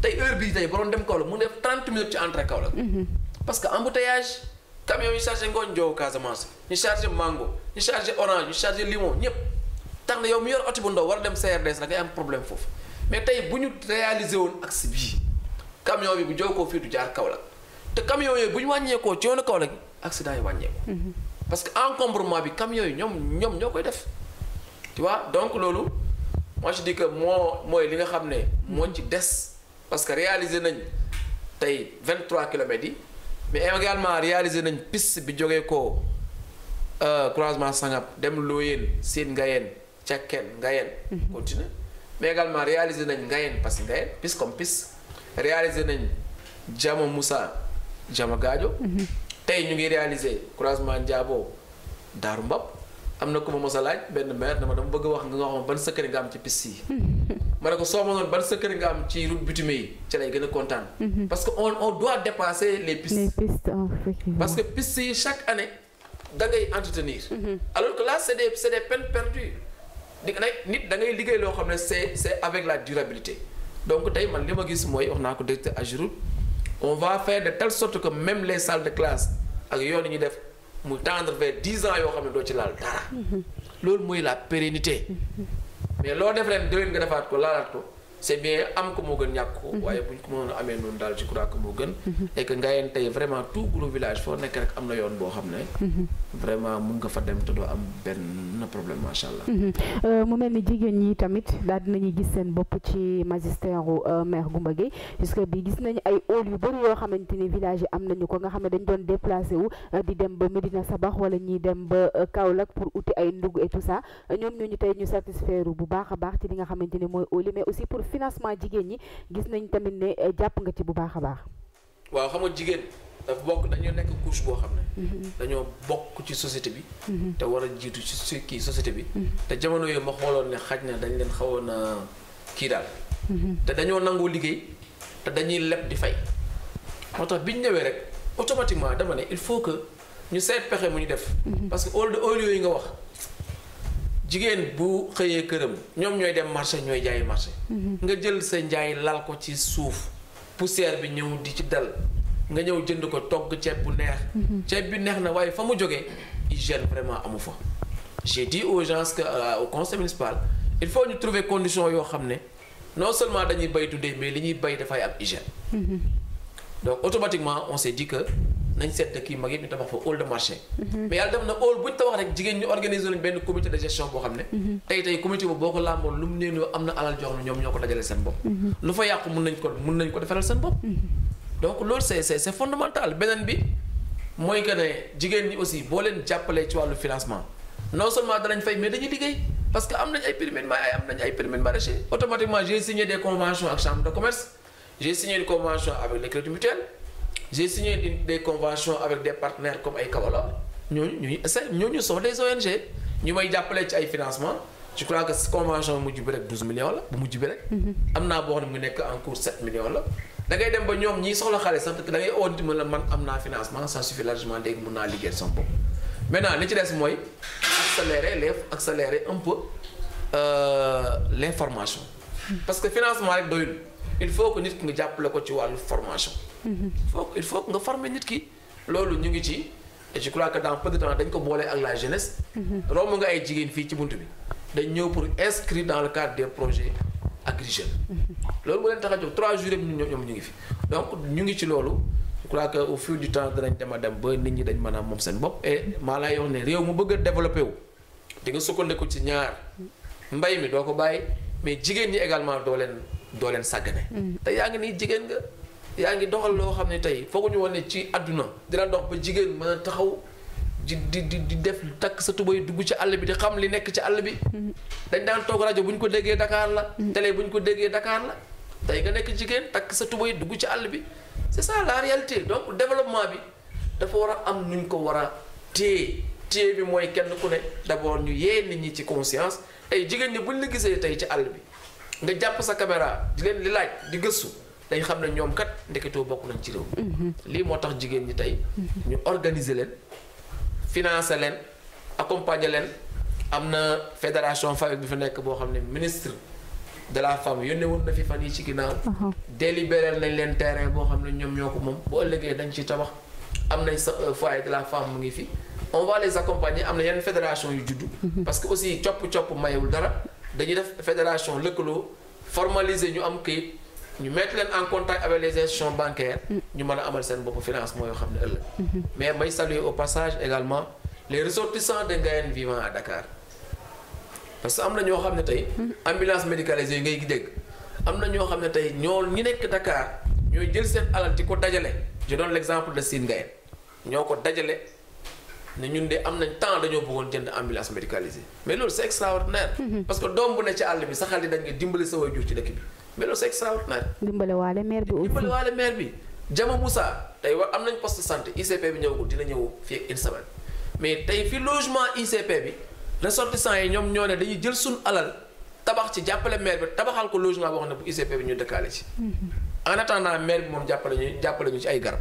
tey heure t'es tey ba doon dem Kaolack mu 30 minutes ci entrée Kaolack. Mhm. parce que embouteillage camion ñu chargé ngooñ joowu Casamance ñu chargé mango ñu chargé orange ñu chargé limon ñëpp tant que yow mi yor oti bu ndaw war dem CRDS da un am problème fou. mais t'as eu, ñu réaliser un axe bii camion bi bu jow koo du jaar Kaolack te camion yooyu bu ñu wàññeekoo ci yoonu accident yi wàññeeku. Mhm. parce que encombrement bi camion yi n'yom ñoom ñoo def tu vois donc Lolo, moi je dis que moi moi li nga ramener, moi moo ci parce que réaliser nañ tey 23 km. mais également réalisé nañ piste bi jógee ko euh, croisement Sangap dem Looyeen seet Ngayeen Cakkeen Ngayeen mhm. continue mais également réalisé nañ Ngayeen parce que Ngayeen piste comme piste réalisé nañ Jama Moussa jamo Gaajo mhm. tey ñu ngi réaliser croisement Ndiabo Daaru Mbab amna ko ku ma laaj benn maire dama dama bëgg wax nga nga xam ban secret nga am ci piste yi. ma ne ko soo ma ban secret nga am ci route bitumée ci lay gën a mhm. parce que on on doit dépasser les pistes. les pistes oh, parce que piste yi chaque année da ngay entretenir. Mhm. alors que là c' est des c' des peines perdues. di nit da ngay liggéey loo xam ne c' avec la durabilité donc tey man li ma gis mooy wax naa ko directeur on va faire de telle sorte que même les salles de classe ak yoon yi ñu def. mu tendre vers dix ans yoo xam ne doo ci laal dara. Mm-hmm. loolu mooy la pérennité. Mm-hmm. mais loo def ren déwén nga defaat ko laalaat ko. c'est bien am ko mo gën ñàkk waye mhm. waaye bu ko mënoon amee noonu daal je crois ko mo gën mhm. et que Ngayeen vraiment tout gros village fo nek rek amna yoon boo ne mhm. vraiment mu nga fa dem te do am ben problème machallah euh mu mel ni ñi tamit dal dinañu gis sen bopp ci magistère euh maire Goumba Gueye puisque bi gis nañ ay hall yu bari yo xamante ni village amnañu ko nga xamné dañ doon déplacer wu euh, di dem ba Medina Sabakh wala ñi dem ba euh, Kaolack pour outil ay ndug et tout ça ñoom ñu tay ñu satisfaire bu baaxa baax ci li nga xamante ni hall mais aussi pour financement jigéen ñi gis nañ tamit ne eh, jàpp nga ci bu baax a baax. waaw xam nga jigéen dafa bokk dañoo nekk couche boo xam ne. Mm-hmm. dañoo bokk ci société bi. Mm-hmm. te war a jiitu ci si kii société bi. Mm-hmm. te jamono yooyu ma xooloon ne xaj na dañ leen xawoon a kii daal. te dañoo nangoo liggéey te dañuy leb di fay. moo tax biñ ñu rek automatiquement dama ne il faut que ñu seet pexe mu ñu def. parce que au lieu yooyu nga wax. jigéen bu xëyee këram ñom ñoy dem marché ñoy jaay marché. Mhm. nga jël sa njaay lal ko ci souf poussière bi ñew di ci dal nga ñew jënd ko togg ceeb bu neex. Mhm. ceeb bi neex na way fa mu joggé hygiène vraiment amu fa. j'ai dit aux gens que euh, au conseil municipal il faut ñu trouver condition yo xamné non seulement dañuy bay tuddee mais li ñuy bay fay am hygiène. Mhm. donc automatiquement on s'est dit que nañ seet magi mag yëpp ñu tabax fa hall de marché. mais yalla dem na hall bu ñu tabax rek jigen ñu organiser lañ ben comité de gestion bo xam tay tay comité boobu boko ko laamoon lu mu nee alal jox ñom ñoko ko dajale seen bopp. lu fa yaq mu nañ ko mu nañ ko defal sen bop donc lool c'est c'est c'est fondamental benen bi moy que ne jigen ñi aussi bo len jàppalee ci walu financement non seulement danañ fay mais dañu liggéey parce que am nañ ay périmètres ay am nañ ay permis maraîchers automatiquement j'ai signé des conventions avec chambre de commerce j'ai signé une convention avec les crédits mutuels j'ai signé des conventions avec des partenaires comme ay Nous, Nous, nous sommes des ONG Nous avons appelé ci ay financement je crois que convention bu mujj bi 12 millions Nous bu mujj bi rek. 7 mhm. millions la. da ngay dem ba ñoom ñiy nous, da ngay financement ça suffit largement pour que nous liggéeyal une ligue maintenant li ci des accélérer accélérer un peu euh, l'information, mhm. parce que financement rek il faut que nous ayons appelé à ko formation. faut il faut nga former nit ki loolu ñu ngi ci et je que dans peu de temps dañ ko boole ak la jeunesse romb nga ay jigéen fii ci bunt bi dañ ñëw pour inscrire dans le cadre des projets Agri Jeunes loolu bu leen tax a jóg trois jours yëpp ñoom ñu ngi fi donc ñu ngi ci loolu je que au fil du temps danañ dema dem ba nit ñi dañ man a moom seen bopp et maa lay wax ne réew mu bëgg a développé wu di nga sukkandiku ci ñaar mbay mi doo ko bàyyi mais jigéen ñi également doo leen doo leen sàggane yaa ngi doxal loo xam ne tey fooguñu woon ne ci àdduna dina dox ba jigéen mën a taxaw di di di def takk sa tubay dugg ci àll bi di xam li nekk ci àll bi. Mm-hmm. dañ daan toog rajo bu ñu ko déggee Dakar la. Mm-hmm. télé bu ñu ko déggee Dakar la. tey nga nekk jigéen takk sa tubay dugg ci àll bi c'est ça la réalité donc développement bi dafa war a am nu ñu ko war a téye téye bi mooy kenn ku ne d'abord ñu yee nit ñi ci conscience ay jigéen ñi ñu la gisee tey ci àll bi nga jàpp sa caméra di leen di laaj di gëstu. dañ xam ne ñoom kat ndeketoo bokk nañ ci réew mhm. lii moo tax jigéen ñi tey mhm. ñu organiser leen financer leen accompagner leen am na fédération famille bi fa nekk boo xam ne ministre de la femme yónnee woon na fi fan yi ci ginnaaw uh-huh. délibéré nañ leen terrain boo xam ne ñoom ñoo ko moom boo ëllëgee dañ ci tabax am nañ sa euh, foyer de la femme mu ngi fi on va les accompagner am na yenn fédération yu juddu mhm. parce que aussi copp-copp mayewul dara dañu def fédération lëkkaloo formaliser ñu am këyit ñu mettre leen en contact avec les institutions bancaires. ñu mën a amal seen bopp financement yoo xam ne ëllëg. mais may saluer au passage également les ressortissants de Ngayène vivant à Dakar parce que am na ñoo xam ne tey. ambulance médicalisée ngay dégg. am na ñoo xam ne tey ñoo ñi nekk Dakar ñooy jël seen alal ci ko dajale. je donne l' exemple de Sine Ngayène ñoo ko dajale ne ñun de am nañ temps dañoo bëggoon jënd ambulance médicalisée mais loolu c' extraordinaire. Mm-hmm. parce que doom bu ne ci àll bi saxal di dañ nga dimbali sa waajur ci dëkk bi mais loolu c'est extraordinaire. dimbale waale maire bi aussi dimbale waale maire bi. Jama Moussa tay war am nañ poste santé ICP bi ko dina ñëw fi ak une semaine mais tay fi logement ICP bi ressortissant yi ñoom ñoo dañuy jël sun alal tabax ci jàppale maire bi tabaxal ko logement boo xam ne bu ICP bi ñu dëkkaale ci. Mm-hmm. en attendant maire bi mom jàppale ñu jàppale ñu ci ay garab.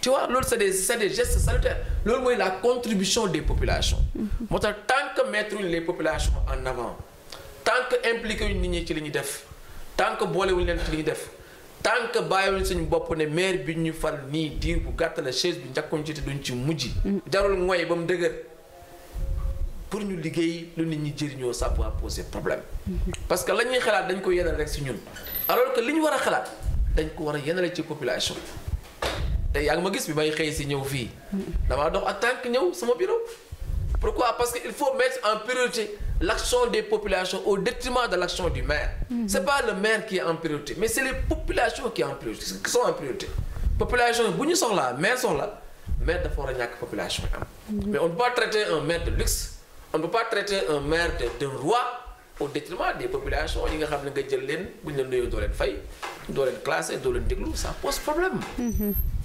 tu vois loolu c'est des c'est des gestes salutaires loolu mooy la contribution des populations. Mm-hmm. moo tant que mettre les populations en avant tant que impliquer une nit ñi ci li def. tant que boolewuñu leen ci li def tant que bàyyiwuñ suñu bopp ne maire bi ñu fan nii diir bu gàtt chaise bi njëkkoon ci te duñ ci mujj. Mm-hmm. jarul mooy ba mu dëgër pour ñu liggéey lu nit ñi jëriñoo ça peut poser problème. Mm-hmm. parce que la ñuy xalaat dañ ko yenal rek si ñun. alors que li ñu war a xalaat dañ ko war a yenal ci population te yaa ngi ma gis bi may xëy si ñëw fii. Mm-hmm. damaa dox ak tànk ñëw sama bureau. Pourquoi Parce qu'il faut mettre en priorité l'action des populations au détriment de l'action du maire. Mhm. Ce n'est pas le maire qui est en priorité, mais c'est les populations qui, sont en priorité. Qui sont en priorité. les sont là, maires sont là, maire de population. Mhm. Mais on ne peut pas traiter un maire de luxe, on ne peut pas traiter un maire de roi au détriment des populations. Ils ne pas classer, ça pose problème. Mhm.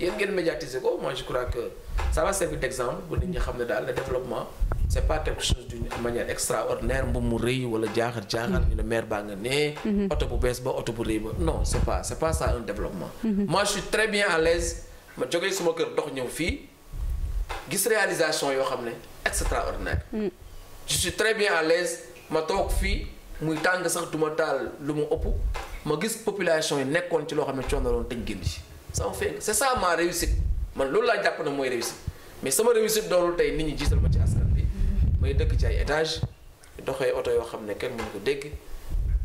Vous médiatiser. Moi, je crois que ça va servir d'exemple pour le développement, ce n'est pas quelque chose d'une manière extraordinaire. Si vous voulez dire que vous avez une mère, vous avez une mère, vous avez une mère, vous avez Non, ce n'est pas, pas ça un développement. bien à l'aise. je suis très bien à l'aise. Je suis très bien à l'aise. Je suis très bien à l'aise. Je suis très bien à l'aise. Je suis très bien à l'aise. Je suis très bien à l'aise. Je suis très bien à l'aise. Je suis très bien à l'aise. Je suis très bien à l'aise. Je suis très bien à l'aise sama feeñ c'est ça ma réussite man loolu la japp na moy réussite mais sama réussite doonul tay nit ñi jiital ma ci askan bi may dëkk ci ay étage doxee oto yo xamné kenn mënu ko dégg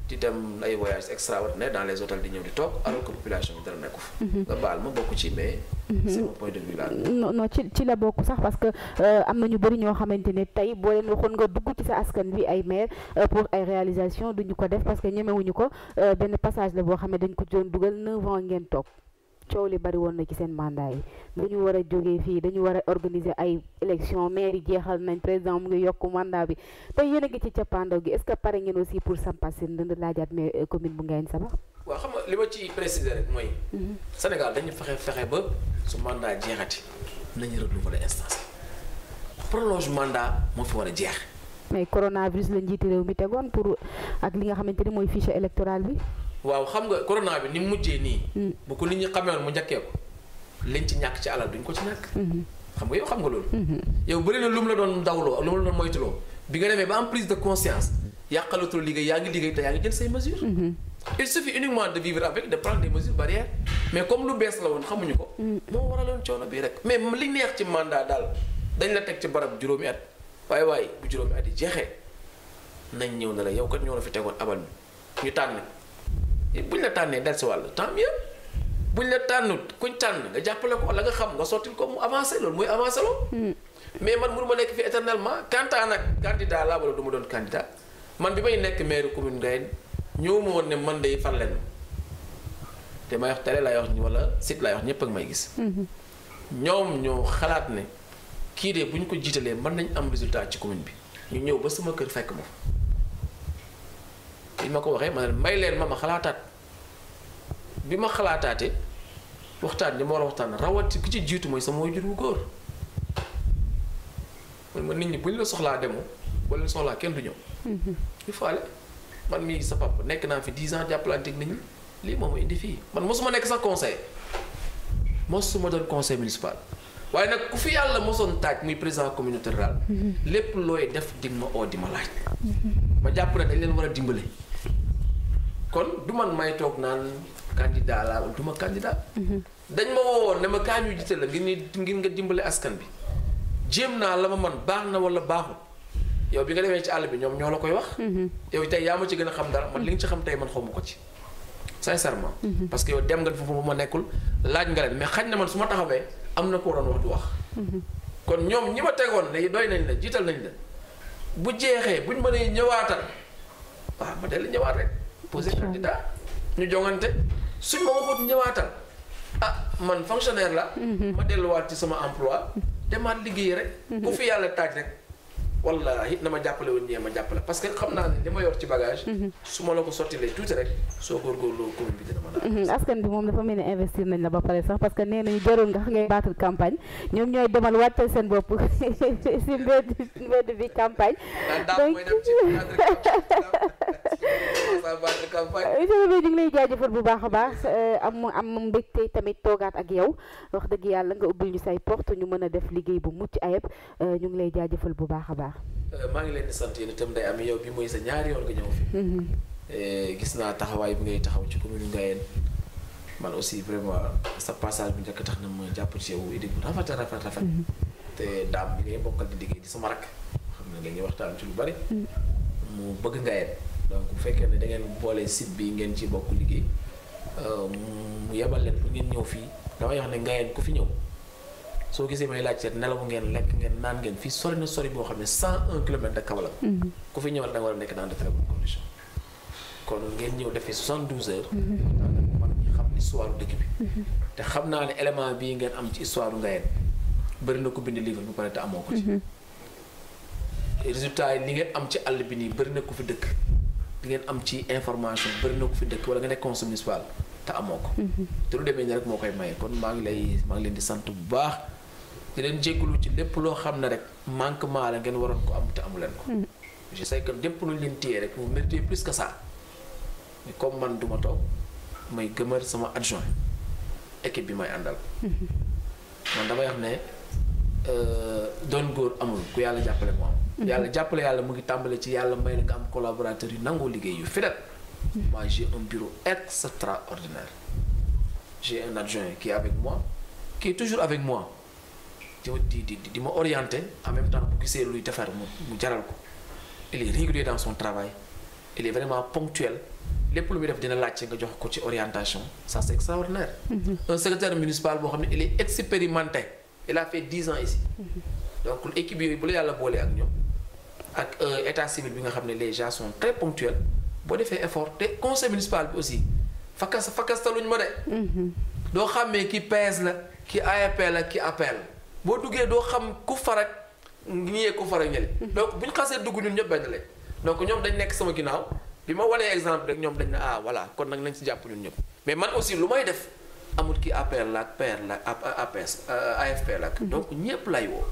di dem ay voyage extraordinaire dans les hôtels di ñëw di tok alors que population dara nekku fa mhm. nga baal ma bokku ci mais mhm. c'est mon point de vue là non non ci ci la bokk sax parce que euh, am na ñu bari ñoo xamantene tay bo boo leen waxoon nga dugg ci sa askan bi ay maire euh, pour ay réalisation duñ ko def parce que ñemewuñu ko ben passage la bo xam dañ ko joon duggal 9 ans ngeen toog coow li bari woon na ci seen mandat yi dañu war a jógee fii dañu war a organiser ay élection maire yi jeexal nañ président mu ngi yokk mandat bi te yéen a ci cappaandaw gi est-ce que pare ngeen aussi pour sampas seen dënd laajaat mais euh, commune bu Ngagne Sabakh waaw xam nga li ma ci préciser rek mooy mhm. Sénégal dañu fexe fexe ba su mandat jeexati nañu renouveler instance prolonge mandat moo fi war a jeex mais coronavirus la njiiti réew mi tegoon pour ak li nga xamante ni mooy fichier électoral bi waaw xam nga corona bi ni mu mujjee nii. Hmm. bu ko nit ñi xamee mu njëkkee ko liñ ci ñàkk ci alal duñ ko ci ñàkk. Hmm. xam nga yow xam nga loolu. Hmm. yow bëri na lu mu la doon dawloo ak lu mu la doon moytuloo bi nga demee ba am prise de conscience yàqalatul liggéey yaa ngi liggéey te yaa ngi jël say mesures. il suffit uniquement de vivre avec de prendre des mesures barrières mais comme lu bees la woon xamuñu ko. moo waraloon coono bii rek mais li neex ci mandat daal dañ la teg ci barab juróomi at waaye waaye bu juróomi at yi jeexee nañ ñëw na la yow kat ñoo la fi tegoon abal ñu tànn. buñ la tànnee del si wàll tant mieux buñ la tànnut kuñ tànn nga jàppale ko la nga xam nga sottil ko mu avancé loolu mooy avancé loolu hmm. mais man mënu ma nekk fi éternellement quant à nag candidat laa wala du ma doon candidat man bi may nekk maire commune Ngaye ñëw ma woon ne man de fan leen te may wax télé laay wax wala site laay wax ñëpp ak may gis hmm. ñoom ñoo xalaat ne kii de bu ñu ko jiitalee mën nañ am résultat ci commune bi ñu ñëw ba sama kër fekk ma li ma ko waxee ma may leen ma ma xalaataat bi ma xalaataate waxtaan li ma war a waxtaan rawati ki ci jiitu mooy sama waajur wu góor man ma nit ñi bu ñu la soxlaa demoo wala soxlaa kenn du ñëw. Mhm. il man mii sa papa nekk naa fi 10 ans jàppalante lii moom ma indi fii man mosuma nekk sax conseil mosuma doon conseil municipal waaye nag ku fi yàlla mosoon taaj muy président communauté rurale. Mhm. lépp looy def dig ma oo ma laaj. Mhm. ma jàpp ne dañ leen war a dimbale. kon du man may toog naan candidat laa du ma candidat. dañ ma woowoon ne ma kaa ñu jiite la ngir ngir nga dimbale askan bi jéem naa la ma man baax na wala baaxul yow bi nga demee ci àll bi ñoom ñoo la koy wax. yow tey yaa ma ci gën a xam dara man li nga ci xam tey man xaw ma ko ci. sincèrement. parce que yow dem nga foofu bu ma nekkul laaj nga leen mais xañ na man su ma taxawee am na ko waroon wax du wax. kon ñoom ñi ma tegoon ne doy nañ la jiital nañ la bu jeexee buñ mënee ñëwaatal waaw ma dellu ñëwaat rek. poser candidat ñu jongante suñ ma waxut ñëwaatal ah man fonctionnaire la mhm. ma delluwaat ci sama emploi demaat liggéey rek. Mhm. ku fi yàlla taaj rek. wallaahi na ma jàppale woon ñee parce que xam naa ne li ma yor ci bagage. Mhm. su ma la ko sottilee tuuti rek soo góorgóorloo commune bi dina mhm. askan bi moom dafa mel ni investir nañ la ba pare sax parce que nee nañu jarul nga ngay battre campagne ñoom ñooy demal wàttal seen bopp si mbedd mbedd bi campagne. donc monsieur le bu baax a baax euh, am am mbégte tamit toogaat ak yow wax dëgg yàlla nga ubbil ñu say porte ñu mën a def liggéey bu mucc ayib euh, ñu ngi lay jaajëfal bu baax a baax. Euh, maa ngi leen di sant yéen itam day am yow bi mooy sa ñaari yoon nga ñëw fi. Mhm. Euh, gis naa taxawaay bi ngay taxaw ci commune Ngayeen man aussi vraiment sa passage bu njëkk tax na ma jàpp ci yow idée bu rafet rafet rafet. Mhm. te daam bi ngay bokkal di liggéey di sama rakk xam ne ngeen waxtaan ci lu bari. Mhm. mu bëgg Ngayeen donc bu fekkee ne dangeen ngeen boole site bi ngeen ci bokk liggéey euh, mu yebal leen pour ngeen ñëw fii damay wax ne Ngayeen ku fi ñëw. soo gisee may laaj seet nelaw ngeen lekk ngeen naan ngeen fii sori na sori boo xam ne 101 kilomètres de ko mhm. ku fi ñëwal da nga war a nekk dans de très bonnes kon ngeen ñëw defee 72 heures. daanaka mhm. man ñu xam histoire dëkk mhm. te xam naa ne élément bii ngeen am ci histoire du bëri na ko bind livre bu pare te amoo ko ci. résultat yi li ngeen am ci àll bi nii bëri na ko fi dëkk li ngeen am ci information bëri na ko fi dëkk wala nga nekk conseil municipal te amoo ko. te lu demee nii rek moo koy maye kon maa ngi lay maa ngi leen di sant bu baax. di leen ci lépp loo xam ne rek manquement la ngeen waroon ko am te amu ko. Mm. je sais que lépp luñ leen téye rek vous méritez plus que ça mais comme man duma ma toog may gëmal sama adjoint équipe bi may àndal. Mm-hmm. man damay wax ne euh, doon góor amul ku yàlla jàppale mu am. Mm-hmm. yàlla jàppale yàlla mu ngi tàmbale ci yàlla may na nga am collaborateur yu nangoo liggéey yu fidèle. Mm-hmm. moi j'ai un bureau extraordinaire j'ai un adjoint qui est avec moi qui est toujours avec moi di orienter en même temps pour qu'il lui defar jaral il est régulier dans son travail il est vraiment ponctuel les lu de def dina nga jox orientation ça c'est extraordinaire. Mhm. un secrétaire municipal il est expérimenté il a fait 10 ans ici. Mhm. donc l'équipe, il bu la yàlla avec ak ak euh, état civil bi les gens sont très ponctuels bon fait effort te conseil municipal aussi fakkas fakkas taluñ ma de. Mhm. doo Donc ki pèse la ki AFP la ki appelle. boo duggee doo xam ku farak ñiyee ku farak ñële mm-hmm. donc bu ñu xasee dugg ñun ñëpp benn lañ donc ñoom dañ nekk sama ginaaw bi ma wanee exemple rek ñoom dañ ne ah voilà kon nag nañ si jàpp ñun ñëpp mais man aussi lu may def amul ki APR la ak PR la ak APS euh, AFP la ak mm-hmm. donc ñëpp lay woo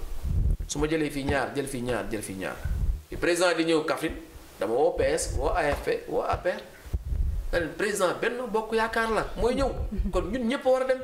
su ma jëlee fii ñaar jël fii ñaar jël fii ñaar bi président di ñëw Kaffrine dama woo PS woo AFP woo APR na leen président benn bokk yaakaar la mooy ñëw mm-hmm. kon ñun ñëpp war a dem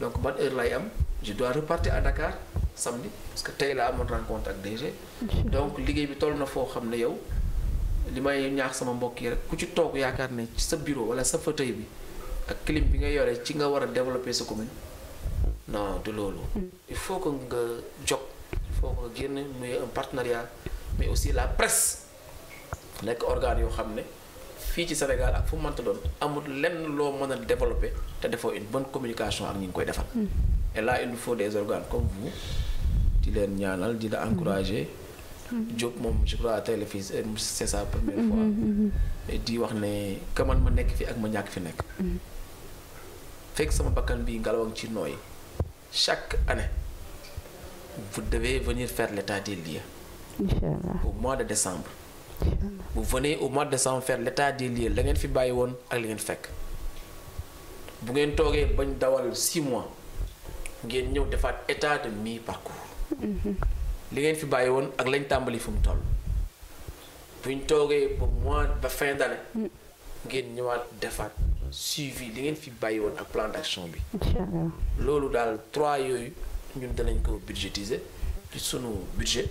donc je dois repartir à Dakar samedi parce que tey laa rencontre DG. donc bi yow ñaax sama mbokk rek ku ci sa bureau wala sa fauteuil bi ak clim bi nga ci nga développer sa commune non de l'eau. Mm. il faut que nga il faut que un partenariat mais aussi la presse les organe fii ci Sénégal ak fu mu mënta doon de développer te defoo une bonne communication ak les koy hmm. et là il nous faut des organes comme vous di les ñaanal di la encourager. Hmm. Hmm. Diop moom je crois à la c'est sa première fois. di wax ne comment mon ma nekk fi ak ma ñàkk fi nekk. fekk sama bakkan bi ngalawang ci chaque année vous devez venir faire l'état des lieux. au mois de décembre vous venez au mois de décembre faire l'état des lieux la ngeen fi bayiwone ak la 6 mois vous état de mi parcours li fi bayiwone ak lañ tambali fu mu toll buñ avez un mois de fin d'année suivi li fi bayiwone ak plan d'action bi lolu dal trois yoyu ñun dinañ ko budgétiser ci budget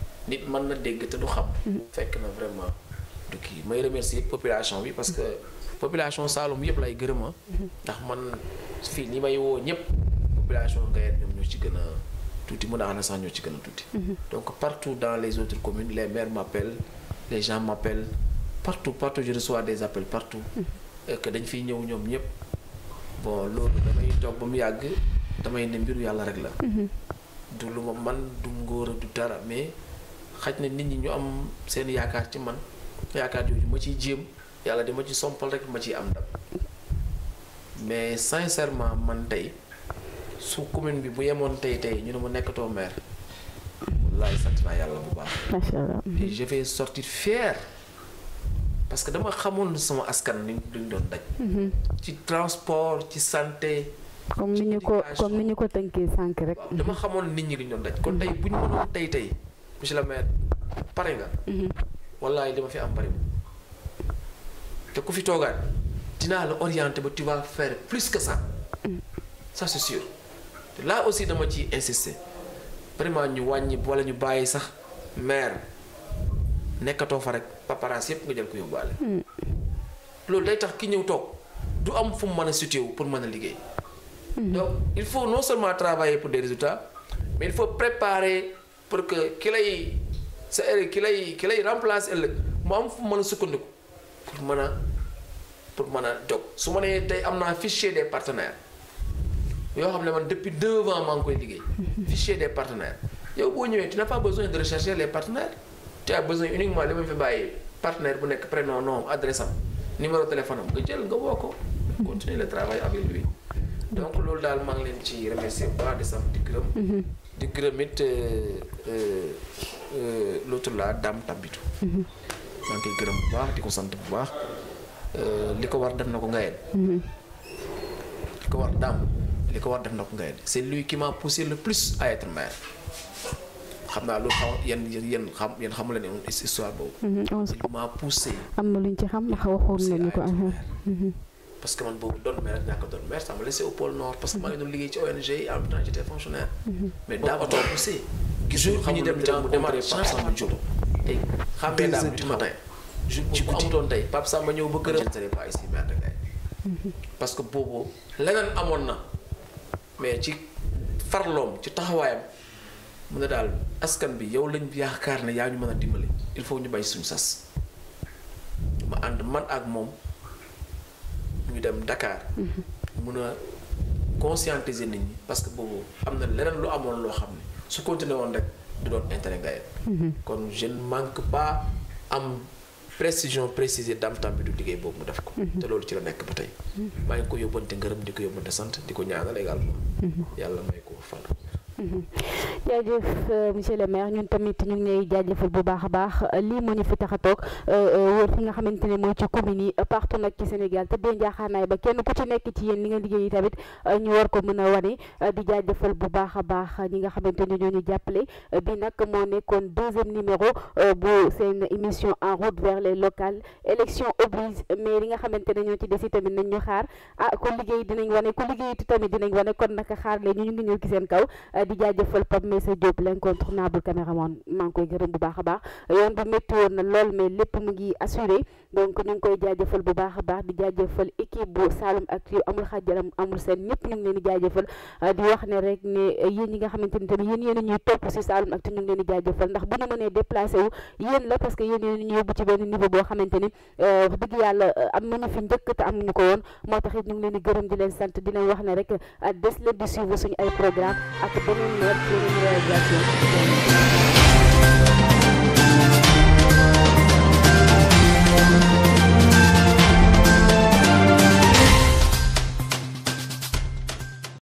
nit man na dégg te du xam. fekk na vraiment du kii may remercier population bi parce que population Saloum yëpp lay gërëma. Ah. ndax man fii ni may woo ñëpp population Ngayeen ñoom ñoo ci gën a tuuti mën a ana sax ñoo ci gën a tuuti. Mhm. donc partout dans les autres communes les maires m'appellent les gens m'appellent partout partout je reçois des appels partout. Mhm. et que dañ fiy ñëw ñoom ñëpp bon loolu damay toog ba mu yàgg damay ne mbiru yàlla rek la. Mhm. du lu ma man du ngóor du dara mais xaj nit ñi ñu am seen yaakaar ci man yaakaar jooju ma ciy jéem yàlla di ci sompal rek ma ciy am ndam mais sincèrement man tey su commune bi bu yemoon tey tey ñu ne ma nekkatoo maire wallaay sant naa yàlla bu baax. macha allah et je vais sortir fier parce que dama xamoon sama askan ni duñ doon daj. Mhm. ci transport ci santé. comme ni ñu ko comme ni ñu ko tënkee sànq rek. dama xamoon nit ñi li ñu doon daj. kon mhm. tey bu ñu mënoon tey tey monsieur le maire pare nga. Mhm. wallaay li ma fi am bari te ku fi toogaat dina la orienter ba tu vas faire plus que ça. Mhm. ça c'est sûr là aussi dama ci insister vraiment ñu wàññi wala ñu bàyyi sax maire nekato fa rek paparaas yëpp nga jël ko yóbbaale. Mhm. loolu day tax ki ñëw tok du am fu mëna mën a situé pour mëna a liggéey. donc il faut non seulement travailler pour des résultats mais il faut préparer pour que ki lay sa ëllëg er, ki lay ki am fu mën a pour meuna pour meuna a su ma nee fichier des partenaires yo xamné man depuis deux ans maa koy liggéey fichier des partenaires yow bo tu n'as pas besoin de rechercher les partenaires tu as besoin uniquement de me fi bàyyi partenaire bu nek prénom nom adresse numéro de téléphone am nga jël nga woo ko. le travail avec lui donc loolu dal ma ngi len ci remercier bu baax di sant di gërëm. Mhm. di euh it euh, euh, l'autre là Dame Tambitu. Mhm. maa ngi koy gërëm bu baax di ko sant bu baax euh liko war def nako ngayel ngayeen. Mhm. li war daam liko war def nako ngayel c'est lui qui m'a poussé le plus à être maire. xamna naa loolu xaw yéen yéen xam yéen xamu leen histoire boobu. il m'a poussé. am na luñ ci xam ndax waxoon nañu ko. parce que man boobu doon maire ak ñàkk doon maire ça m'a laissé au pôle nord parce que maa ngi liggéey ci ONG yi en même temps j'étais fonctionnaire mm-hmm. mais daaw toog aussi jour bi xam nga daal du matin jour ci ñëw ba këram je mm-hmm. parce que boobu leneen amoon na mais ci farloom ci taxawaayam mu ne daal askan bi yow lañ yaakaar na yaa ñu mën a dimbali il faut ñu bàyyi suñu sas ma ànd man ak moom ñu dem Dakar. Mm-hmm. mun a conscientiser nit ñi parce que boobu am na leneen lu amoon loo xam ne su continué woon rek du doon intérêt Gaël. Mm-hmm. kon je ne manque pas am précision précisée dam tam bi du liggéey boobu mu def ko. Mm-hmm. te loolu ci la nekk ba tey. maa ngi ko yóbbante ngërëm di ko yóbbante sant di ko ñaanal également. yàlla may ko fan. Mhm. jaajëf euh, monsieur le maire ñun tamit ñu ngi lay jaajëfal bu baax a baax lii moo ñu fi tax a toog euh, euh, wër fi nga xamante ne mooy ci commune yi partout nag ci Sénégal te dee njaaxaanaay ba kenn ku ci nekk ci yéen li nga liggéey tamit ñu war ko mën a wane di jaajëfal bu baax a baax ñi nga xamante ne ñoo ñu jàppale bi nag moo nekkoon deuxième numéro bu seen émission en route vers les locales élection oblige mais li nga xamante ne ñoo ci des tamit nañ ñu xaar ah ku liggéey dinañ wane ku liggéey tamit dinañ wane kon naka xaar leen ñu ngi ñëw ci seen kaw di jaajëfal Pape Meyssa Diop l'incontournable caméraman maa koy gërëm bu baax a baax yoon bi métti woon na lool mais lepp mu ngi assuré donc ñu ngi koy jaajëfal bu baax a baax di jaajëfal équipe bu Saloum Actu amul xajaram amul seen ñëpp ñu ngi leen di jaajëfal ah, di wax ne rek ne eh, yéen ñi nga xamante ni tamit yéen yéen a ñuy topp si Saloum Actu ñu ngi leen di ndax bu ñu mënee déplacé wu yéen la parce que yéen yéen ñu yóbbu ci benn niveau boo xamante ni eh, dëgg yàlla eh, am nañu fi njëkk am amuñu ko woon moo tax it ñu ngi leen di gërëm di leen sant di leen wax ne rek ah, des leen di suivre ñu ay programme ak